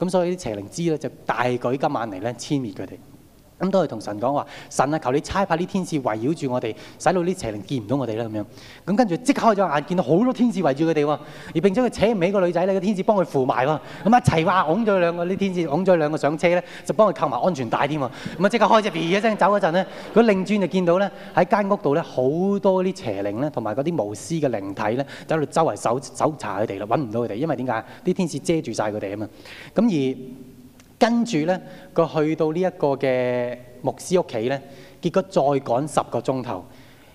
咁所以啲邪靈知咧就大舉今晚嚟咧，殲滅佢哋。咁都係同神講話，神啊，求你差派啲天使圍繞住我哋，使到啲邪靈見唔到我哋啦咁樣。咁跟住即刻開咗眼，見到好多天使圍住佢哋喎，而並且佢扯唔起個女仔咧，個天使幫佢扶埋喎。咁一齊話拱咗兩個啲天使，拱咗兩個上車咧，就幫佢扣埋安全帶添喎。咁啊，即刻開只耳耳一聲走嗰陣咧，佢擰轉就見到咧，喺間屋度咧好多啲邪靈咧，同埋嗰啲巫師嘅靈體咧，走嚟周圍搜搜查佢哋啦，揾唔到佢哋，因為點解？啲天使遮住晒佢哋啊嘛。咁而跟住呢，佢去到呢一個嘅牧師屋企呢，結果再趕十個鐘頭，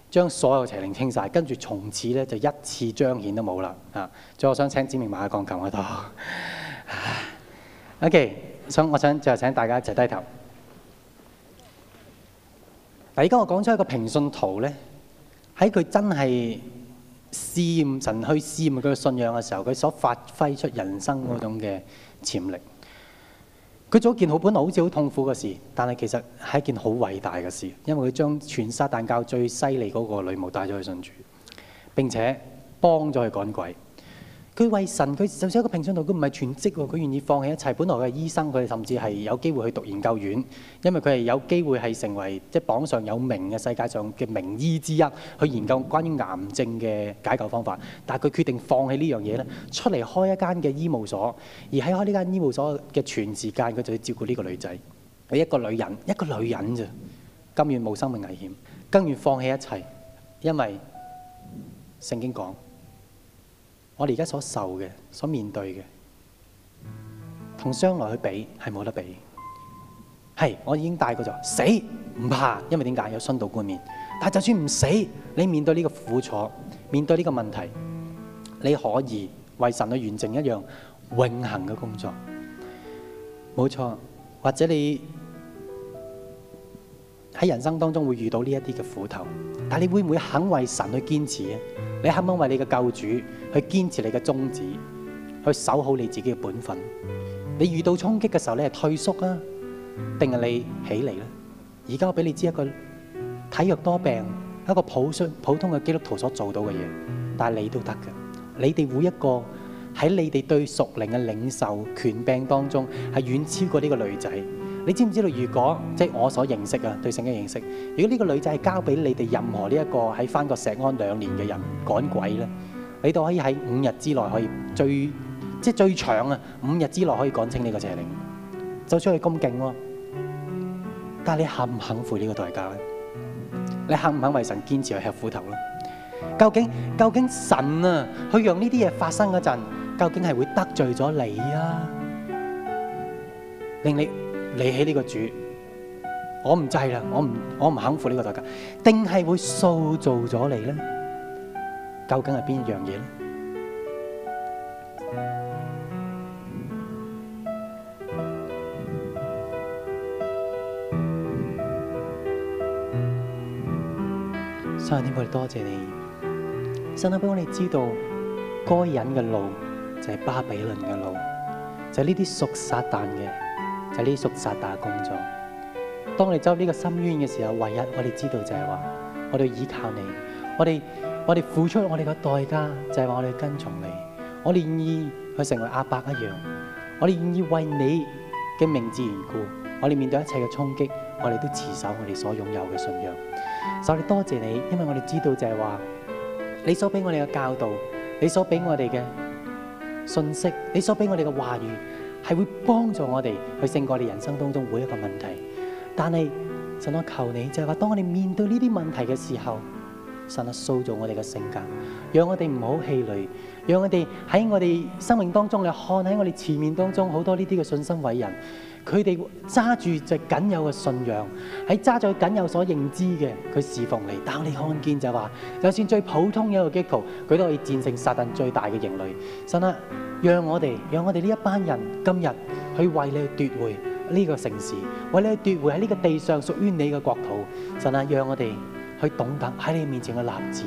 將所有邪靈清晒。跟住從此呢，就一次彰顯都冇啦啊！最後想請子明埋下鋼琴喺度，啊。OK，所以我想就係請大家一齊低頭。嗱、啊，而家我講出一個評訊圖呢，喺佢真係試驗神去試驗佢嘅信仰嘅時候，佢所發揮出人生嗰種嘅潛力。佢做了一件好本來好似好痛苦嘅事，但係其實係一件好偉大嘅事，因為佢將全撒旦教最犀利嗰個女巫帶咗去信主，並且幫咗佢趕鬼。佢為神，佢就算一個平信徒，佢唔係全職喎，佢願意放棄一切。本來佢係醫生，佢甚至係有機會去讀研究院，因為佢係有機會係成為即係、就是、榜上有名嘅世界上嘅名醫之一，去研究關於癌症嘅解救方法。但係佢決定放棄呢樣嘢咧，出嚟開一間嘅醫務所，而喺開呢間醫務所嘅全時間，佢就要照顧呢個女仔。佢一個女人，一個女人咋？甘願冇生命危險，甘願放棄一切，因為聖經講。我哋而家所受嘅所面對嘅，同將來去比係冇得比。係我已經大過咗，死唔怕，因為點解有殉道冠冕。但係就算唔死，你面對呢個苦楚，面對呢個問題，你可以為神去完成一樣永恆嘅工作。冇錯，或者你。喺人生當中會遇到呢一啲嘅苦頭，但係你會唔會肯為神去堅持啊？你肯唔肯為你嘅救主去堅持你嘅宗旨，去守好你自己嘅本分？你遇到衝擊嘅時候，你係退縮啊，定係你起嚟咧？而家我俾你知一個體弱多病一個普通普通嘅基督徒所做到嘅嘢，但係你都得嘅。你哋每一個喺你哋對屬靈嘅領受權柄當中係遠超過呢個女仔。你知唔知道？如果即係我所認識啊，對聖經嘅認識，如果呢個女仔係交俾你哋任何呢一個喺翻個石安兩年嘅人趕鬼咧，你都可以喺五日之內可以最即係最長啊！五日之內可以講清呢個邪靈走出去，就算你咁勁喎，但係你肯唔肯付呢個代價咧？你肯唔肯為神堅持去吃苦頭咧？究竟究竟神啊，去讓呢啲嘢發生嗰陣，究竟係會得罪咗你啊，令你？你起呢個主，我唔制啦，我唔我唔肯付呢個代價，定係會塑造咗你咧？究竟係邊樣嘢咧？上帝，我哋多謝、謝你，上帝俾我哋知道，該隱嘅路就係巴比倫嘅路，就係呢啲屬撒旦嘅。就呢啲熟殺打工作。當我哋走呢個深淵嘅時候，唯一我哋知道就係話，我哋依靠你，我哋我哋付出我哋嘅代價，就係話我哋跟從你，我哋願意去成為阿伯一樣，我哋願意為你嘅名字緣故，我哋面對一切嘅衝擊，我哋都持守我哋所擁有嘅信仰。所以多謝你，因為我哋知道就係話，你所俾我哋嘅教導，你所俾我哋嘅信息，你所俾我哋嘅話語。係會幫助我哋去勝過你人生當中每一個問題，但係神我求你，就係話當我哋面對呢啲問題嘅時候，神啊，塑造我哋嘅性格，讓我哋唔好氣餒，讓我哋喺我哋生命當中你看喺我哋前面當中好多呢啲嘅信心偉人。佢哋揸住就僅有嘅信仰，喺揸住佢僅有所認知嘅佢侍奉你。但係你看見就話，就算最普通嘅一個基督徒，佢都可以戰勝撒旦最大嘅營壘，神啊，讓我哋，讓我哋呢一班人今日去為你去奪回呢個城市，為你去奪回喺呢個地上屬於你嘅國土。神啊，讓我哋去懂得喺你面前嘅立志，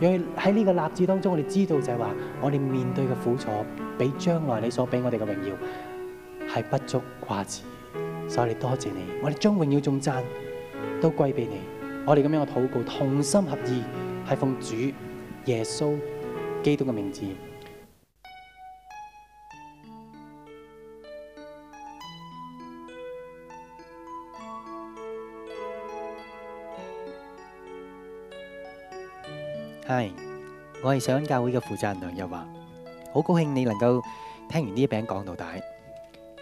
讓喺呢個立志當中，我哋知道就係話，我哋面對嘅苦楚，比將來你所俾我哋嘅榮耀係不足掛齒，所以多謝你。我哋將榮耀頌讚都歸俾你。我哋咁樣嘅禱告，同心合意，係奉主耶穌基督嘅名字。係，我係上教會嘅負責人梁日華，好高興你能夠聽完呢一餅講道帶。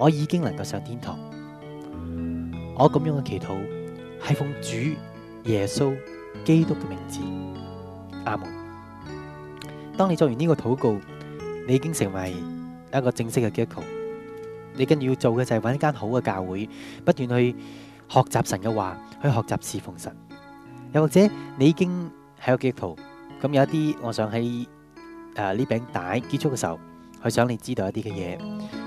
我已經能夠上天堂。我咁樣嘅祈禱係奉主耶穌基督嘅名字，阿門。當你做完呢個禱告，你已經成為一個正式嘅基督徒。你跟住要做嘅就係揾一間好嘅教會，不斷去學習神嘅話，去學習侍奉神。又或者你已經喺個基督徒，咁有一啲，我想喺誒呢餅帶結束嘅時候，佢想你知道一啲嘅嘢。